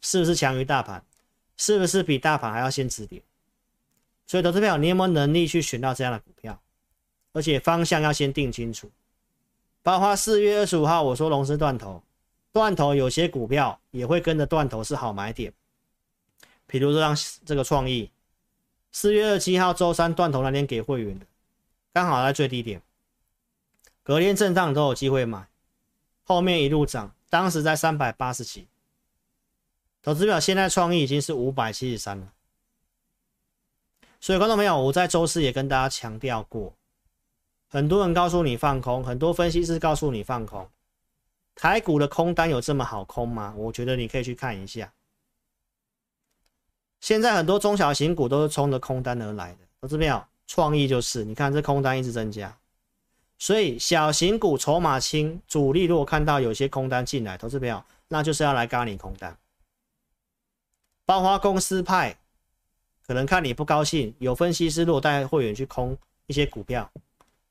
是不是強於大盤？是不是比大盤還要先止跌？所以投資票，你有沒有能力去選到這樣的股票？而且方向要先定清楚。包括四月二十五號，我說融資斷頭，斷頭有些股票也會跟着斷頭是好買點。比如說像這個創意，四月二十七號周三斷頭那天給會員的，剛好在最低點，隔天震盪都有機會買，後面一路漲，當時在三百八十幾。投資表現在創意已經是五百七十三了，所以觀眾朋友，我在周四也跟大家強調過，很多人告訴你放空，很多分析師告訴你放空，台股的空單有這麼好空嗎？我覺得你可以去看一下，現在很多中小型股都是衝着空單而來的。投資表創意就是，你看這空單一直增加，所以小型股籌碼輕，主力如果看到有些空單進來，投資表那就是要來軋你空單。包括公司派可能看你不高興，有分析師如果帶會員去空一些股票，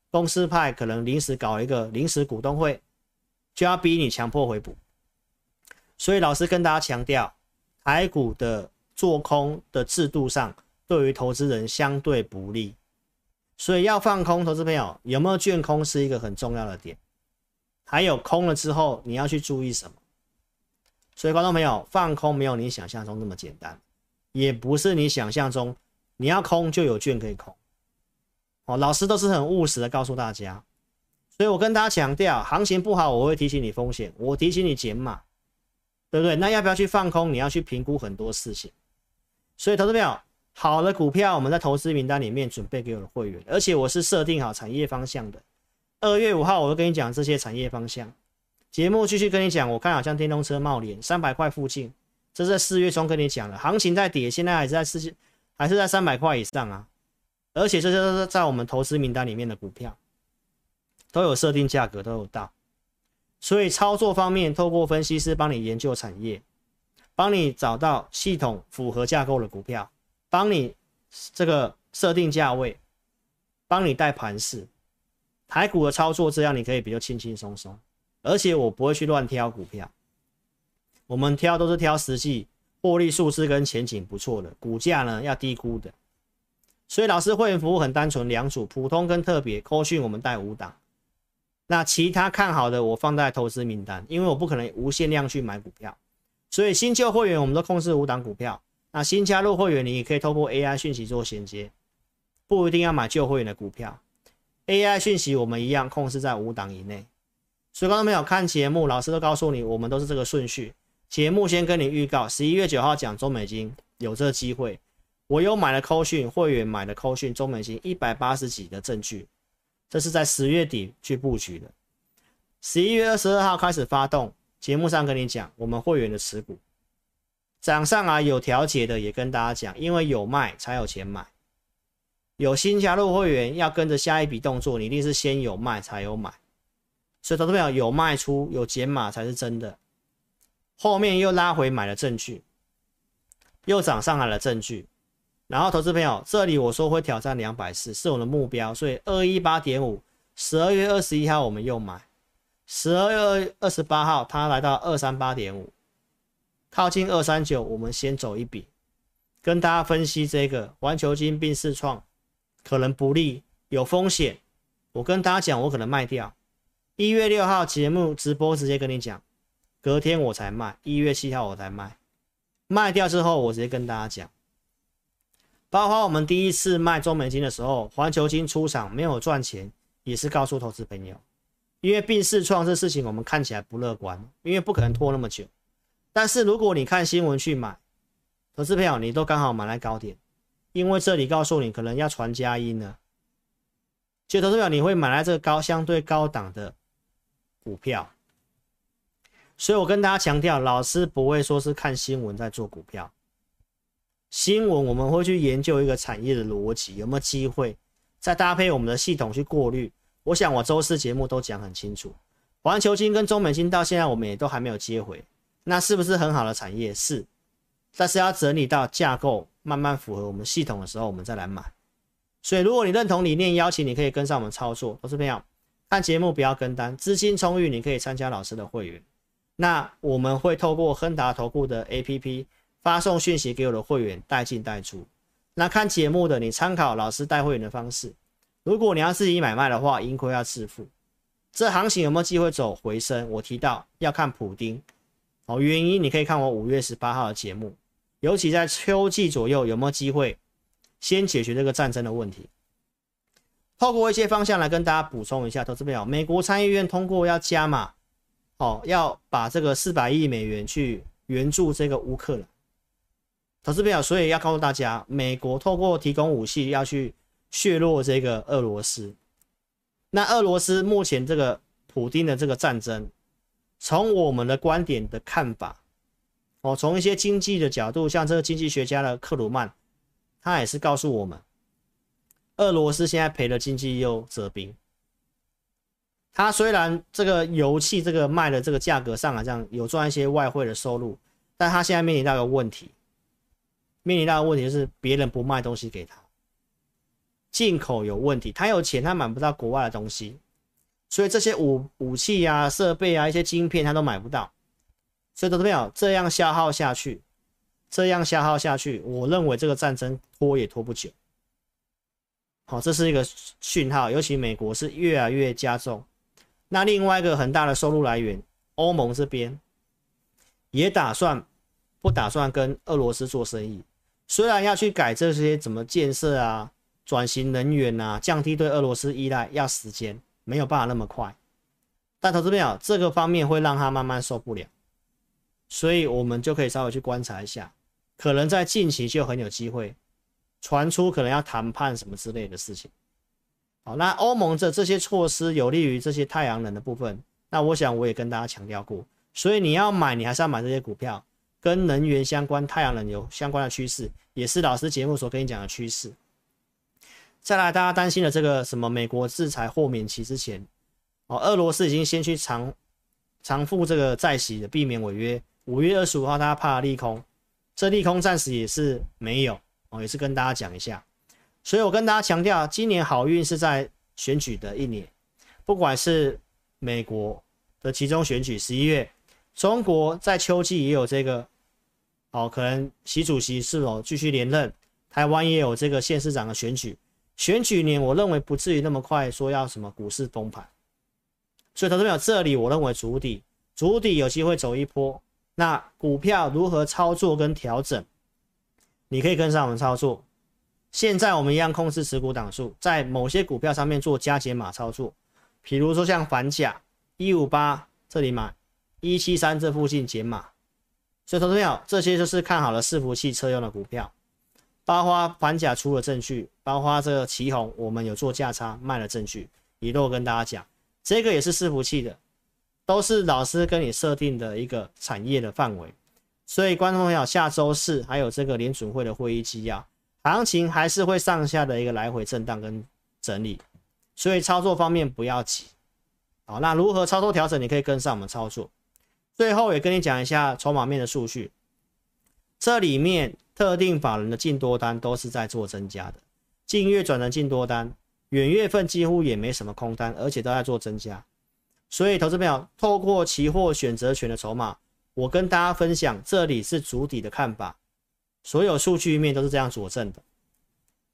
公司派可能臨時搞一個臨時股東會，就要逼你強迫回補。所以老師跟大家強調，台股的做空的制度上，對於投資人相對不利，所以要放空。投資朋友有沒有券空是一個很重要的點，還有空了之後你要去注意什麼？所以，觀眾朋友，放空沒有你想象中那麼簡單，也不是你想象中，你要空就有券可以空。哦，老師都是很務實的告訴大家。所以我跟大家強調，行情不好，我會提醒你風險，我提醒你減碼，對不對？那要不要去放空？你要去評估很多事情。所以，投資朋友，好的股票我們在投資名單裡面準備給我的會員，而且我是設定好產業方向的。二月五號我會跟你講這些產業方向。節目繼續跟你講，我看好像電動車貿聯三百塊附近，這是四月中跟你講了，行情在跌，現在還是在四，還是在三百塊以上啊，而且這些都是在我們投資名單裡面的股票，都有設定價格，都有到，所以操作方面，透過分析師幫你研究產業，幫你找到系統符合架構的股票，幫你這個設定價位，幫你帶盤勢，台股的操作這樣你可以比較輕輕鬆鬆。而且我不會去亂挑股票，我們挑都是挑實際獲利數字跟前景不錯的股價呢，要低估的。所以老師會員服務很單純，兩組普通跟特別。扣訊我們帶五檔，那其他看好的我放在投資名單，因為我不可能無限量去買股票。所以新舊會員我們都控制五檔股票。那新加入會員你也可以透過 AI 訊息做銜接，不一定要買舊會員的股票。AI 訊息我們一樣控制在五檔以內。所以剛剛沒有看節目，老師都告訴你，我們都是這個順序。節目先跟你預告，十一月九號講中美金有這個機會。我有買的扣訊會員買的扣訊中美金一百八十幾的證據，這是在十月底去布局的。十一月二十二號開始發動，節目上跟你講我們會員的持股漲上來，啊、有調節的，也跟大家講，因為有賣才有錢買。有新加入會員要跟着下一筆動作，你一定是先有賣才有買。所以，投資朋友有賣出、有減碼才是真的。後面又拉回買的證據，又漲上來的證據。然後，投資朋友，這裡我說會挑戰兩百四，是我的目標。所以，二一八點五，十二月二十一號我們又買，十二月二十八號他來到二三八點五，靠近二三九，我們先走一筆，跟大家分析這個環球晶併世創可能不利，有風險。我跟大家講，我可能賣掉。一月六號節目直播直接跟你講，隔天我才賣。一月七號我才賣，賣掉之後我直接跟大家講。包括我們第一次賣中美晶的時候，環球晶出場沒有賺錢，也是告訴投資朋友，因為併購世創事情我們看起來不樂觀，因為不可能拖那麼久。但是如果你看新聞去買，投資朋友你都剛好買來高點，因為這裡告訴你可能要傳佳音了。其實投資朋友你會買來這個高相對高檔的。股票，所以我跟大家強調，老師不會說是看新聞在做股票，新聞我們會去研究一個產業的邏輯有沒有機會，再搭配我們的系統去過濾。我想我週四節目都講很清楚，環球金跟中美金到現在我們也都還沒有接回，那是不是很好的產業？是，但是要整理到架構慢慢符合我們系統的時候，我們再來買。所以如果你認同理念，邀請你可以跟上我們操作，都是這樣。看節目不要跟單，資金充裕你可以參加老師的會員。那我們會透過亨達投顧的 APP 發送訊息給我的會員，帶進帶出。那看節目的你參考老師帶會員的方式。如果你要自己買賣的話，盈虧要自負。這行情有沒有機會走回升？我提到要看普丁，哦，原因你可以看我五月十八號的節目，尤其在秋季左右有沒有機會先解決這個戰爭的問題。透過一些方向來跟大家補充一下，投資表，美國參議院通過要加碼，哦，要把這個四百億美元去援助這個烏克蘭，投資表所以要告訴大家，美國透過提供武器要去削弱這個俄羅斯。那俄羅斯目前這個普丁的這個戰爭，從我們的觀點的看法，哦，從一些經濟的角度，像這個經濟學家的克魯曼，他也是告訴我們。俄羅斯現在賠了經濟又折兵，他雖然這個油氣這個賣的這個價格上好像這樣有賺一些外匯的收入，但他現在面臨到的問題，面臨到的問題就是別人不賣東西給他，進口有問題，他有錢他買不到國外的東西，所以這些武武器啊、設備啊、一些晶片他都買不到，所以都是沒有，這樣消耗下去，這樣消耗下去，我認為這個戰爭拖也拖不久。好，這是一個訊號，尤其美國是越來越加重。那另外一個很大的收入來源，歐盟這邊也打算不打算跟俄羅斯做生意？雖然要去改這些怎麼建設啊，轉型能源啊，降低對俄羅斯依賴，要時間，沒有辦法那麼快。但投資不了這個方面會讓他慢慢受不了，所以我們就可以稍微去觀察一下，可能在近期就很有機會。傳出可能要談判什麼之類的事情，好，那歐盟的這些措施有利於這些太陽能的部分。那我想我也跟大家強調過，所以你要買，你還是要買這些股票跟能源相關、太陽能有相關的趨勢，也是老師節目所跟你講的趨勢。再來，大家擔心的這個什麼美國制裁豁免期之前，哦，俄羅斯已經先去償償付這個債息的，避免違約。五月二十五號，大家怕了利空，這利空暫時也是沒有。哦、也是跟大家講一下，所以我跟大家強調，今年好運是在選舉的一年，不管是美國的期中選舉十一月，中國在秋季也有這個，哦，可能習主席是否繼續連任，台灣也有這個縣市長的選舉，選舉年，我認為不至於那麼快說要什麼股市崩盤，所以投資朋友這裡，我認為築底，築底有機會走一波，那股票如何操作跟調整？你可以跟上我們操作。現在我們一樣控制持股檔數，在某些股票上面做加減碼操作，比如說像反甲一五八這裡買，一七三這附近減碼。所以，說重要，這些就是看好了伺服器車用的股票。包括反甲出了證據，包括這個奇鋐我們有做價差賣了證據，也都有跟大家講，這個也是伺服器的，都是老師跟你設定的一個產業的範圍。所以，觀眾朋友，下周四還有這個聯準會的會議紀要，行情還是會上下的一個來回震盪跟整理。所以操作方面不要急。好，那如何操作調整，你可以跟上我們操作。最後也跟你講一下籌碼面的數據。這裡面特定法人的淨多單都是在做增加的，近月轉成淨多單，遠月份幾乎也沒什麼空單，而且都在做增加。所以，投資朋友透過期貨選擇權的籌碼。我跟大家分享，這裡是主體的看法，所有數據面都是這樣佐證的。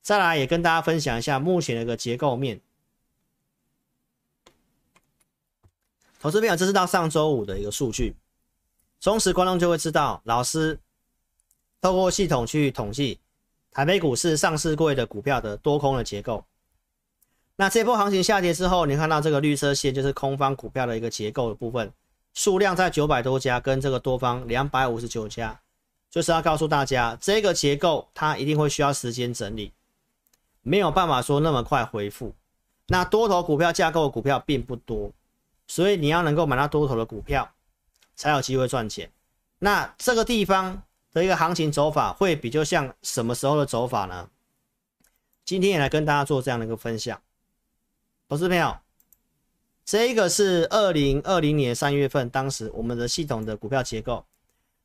再來也跟大家分享一下目前的一個結構面。投資朋友，這是到上週五的一個數據。忠實觀眾就會知道，老師透過系統去統計台北股市上市櫃的股票的多空的結構。那這波行情下跌之後，你看到這個綠色線就是空方股票的一個結構的部分。數量在九百多家，跟這個多方兩百五十九家，就是要告訴大家，這個結構它一定會需要時間整理，沒有辦法說那麼快恢復。那多頭股票架構的股票並不多，所以你要能夠買到多頭的股票，才有機會賺錢。那這個地方的一個行情走法會比較像什麼時候的走法呢？今天也來跟大家做這樣的一個分享，投資朋友。這個是二零二零年三月份，當時我們的系統的股票結構。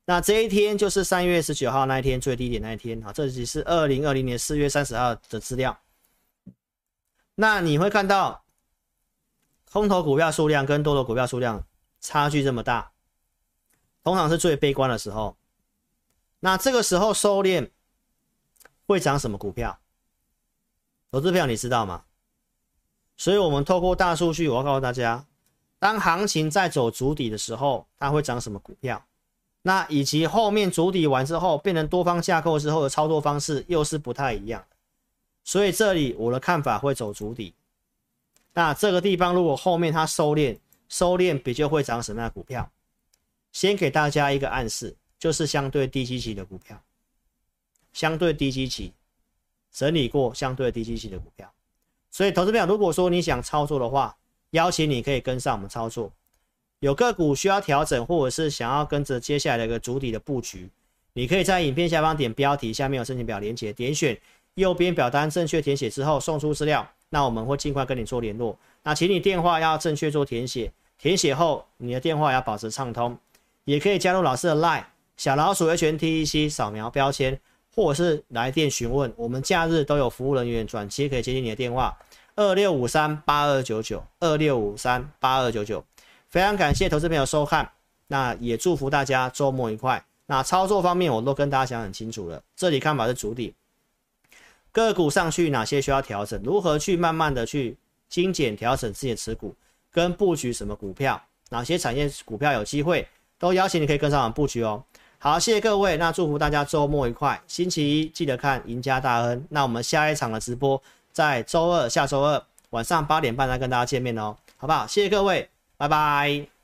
那這一天就是三月十九號那一天最低點那一天啊，這只是二零二零年四月三十號的資料。那你會看到空頭股票數量跟多頭股票數量差距這麼大，通常是最悲觀的時候。那這個時候收斂會漲什麼股票？投資票你知道嗎？所以，我們透過大數據，我要告訴大家，當行情在走築底的時候，它會漲什麼股票？那以及後面築底完之後，變成多方架構之後的操作方式又是不太一樣的。所以，這裡我的看法會走築底。那這個地方如果後面它收斂，收斂比較會漲什麼樣的股票？先給大家一個暗示，就是相對低基期的股票，相對低基期整理過，相對低基期的股票。所以，投資者如果說你想操作的話，邀請你可以跟上我們操作。有個股需要調整，或者是想要跟着接下來的一個主體的佈局，你可以在影片下方點標題，下面有申請表連結，點選右邊表單，正確填寫之後送出資料，那我們會盡快跟你做聯絡。那請你電話要正確做填寫，填寫後你的電話要保持暢通，也可以加入老師的 Line 小老鼠 H 全 TEC，掃描標籤。或者是來電詢問，我們假日都有服務人員轉接，可以接聽你的電話，二六五三八二九九，二六五三八二九九。非常感謝投資朋友收看，那也祝福大家週末愉快。那操作方面我都跟大家講很清楚了，這裡看法是築底，個股上去哪些需要調整，如何去慢慢的去精簡調整自己的持股跟布局什麼股票，哪些產業股票有機會，都邀請你可以跟上我們布局哦。好，謝謝各位。那祝福大家周末愉快，星期一記得看《贏家大亨》。那我們下一場的直播在周二，下周二晚上八點半再跟大家見面哦，好不好？謝謝各位，拜拜。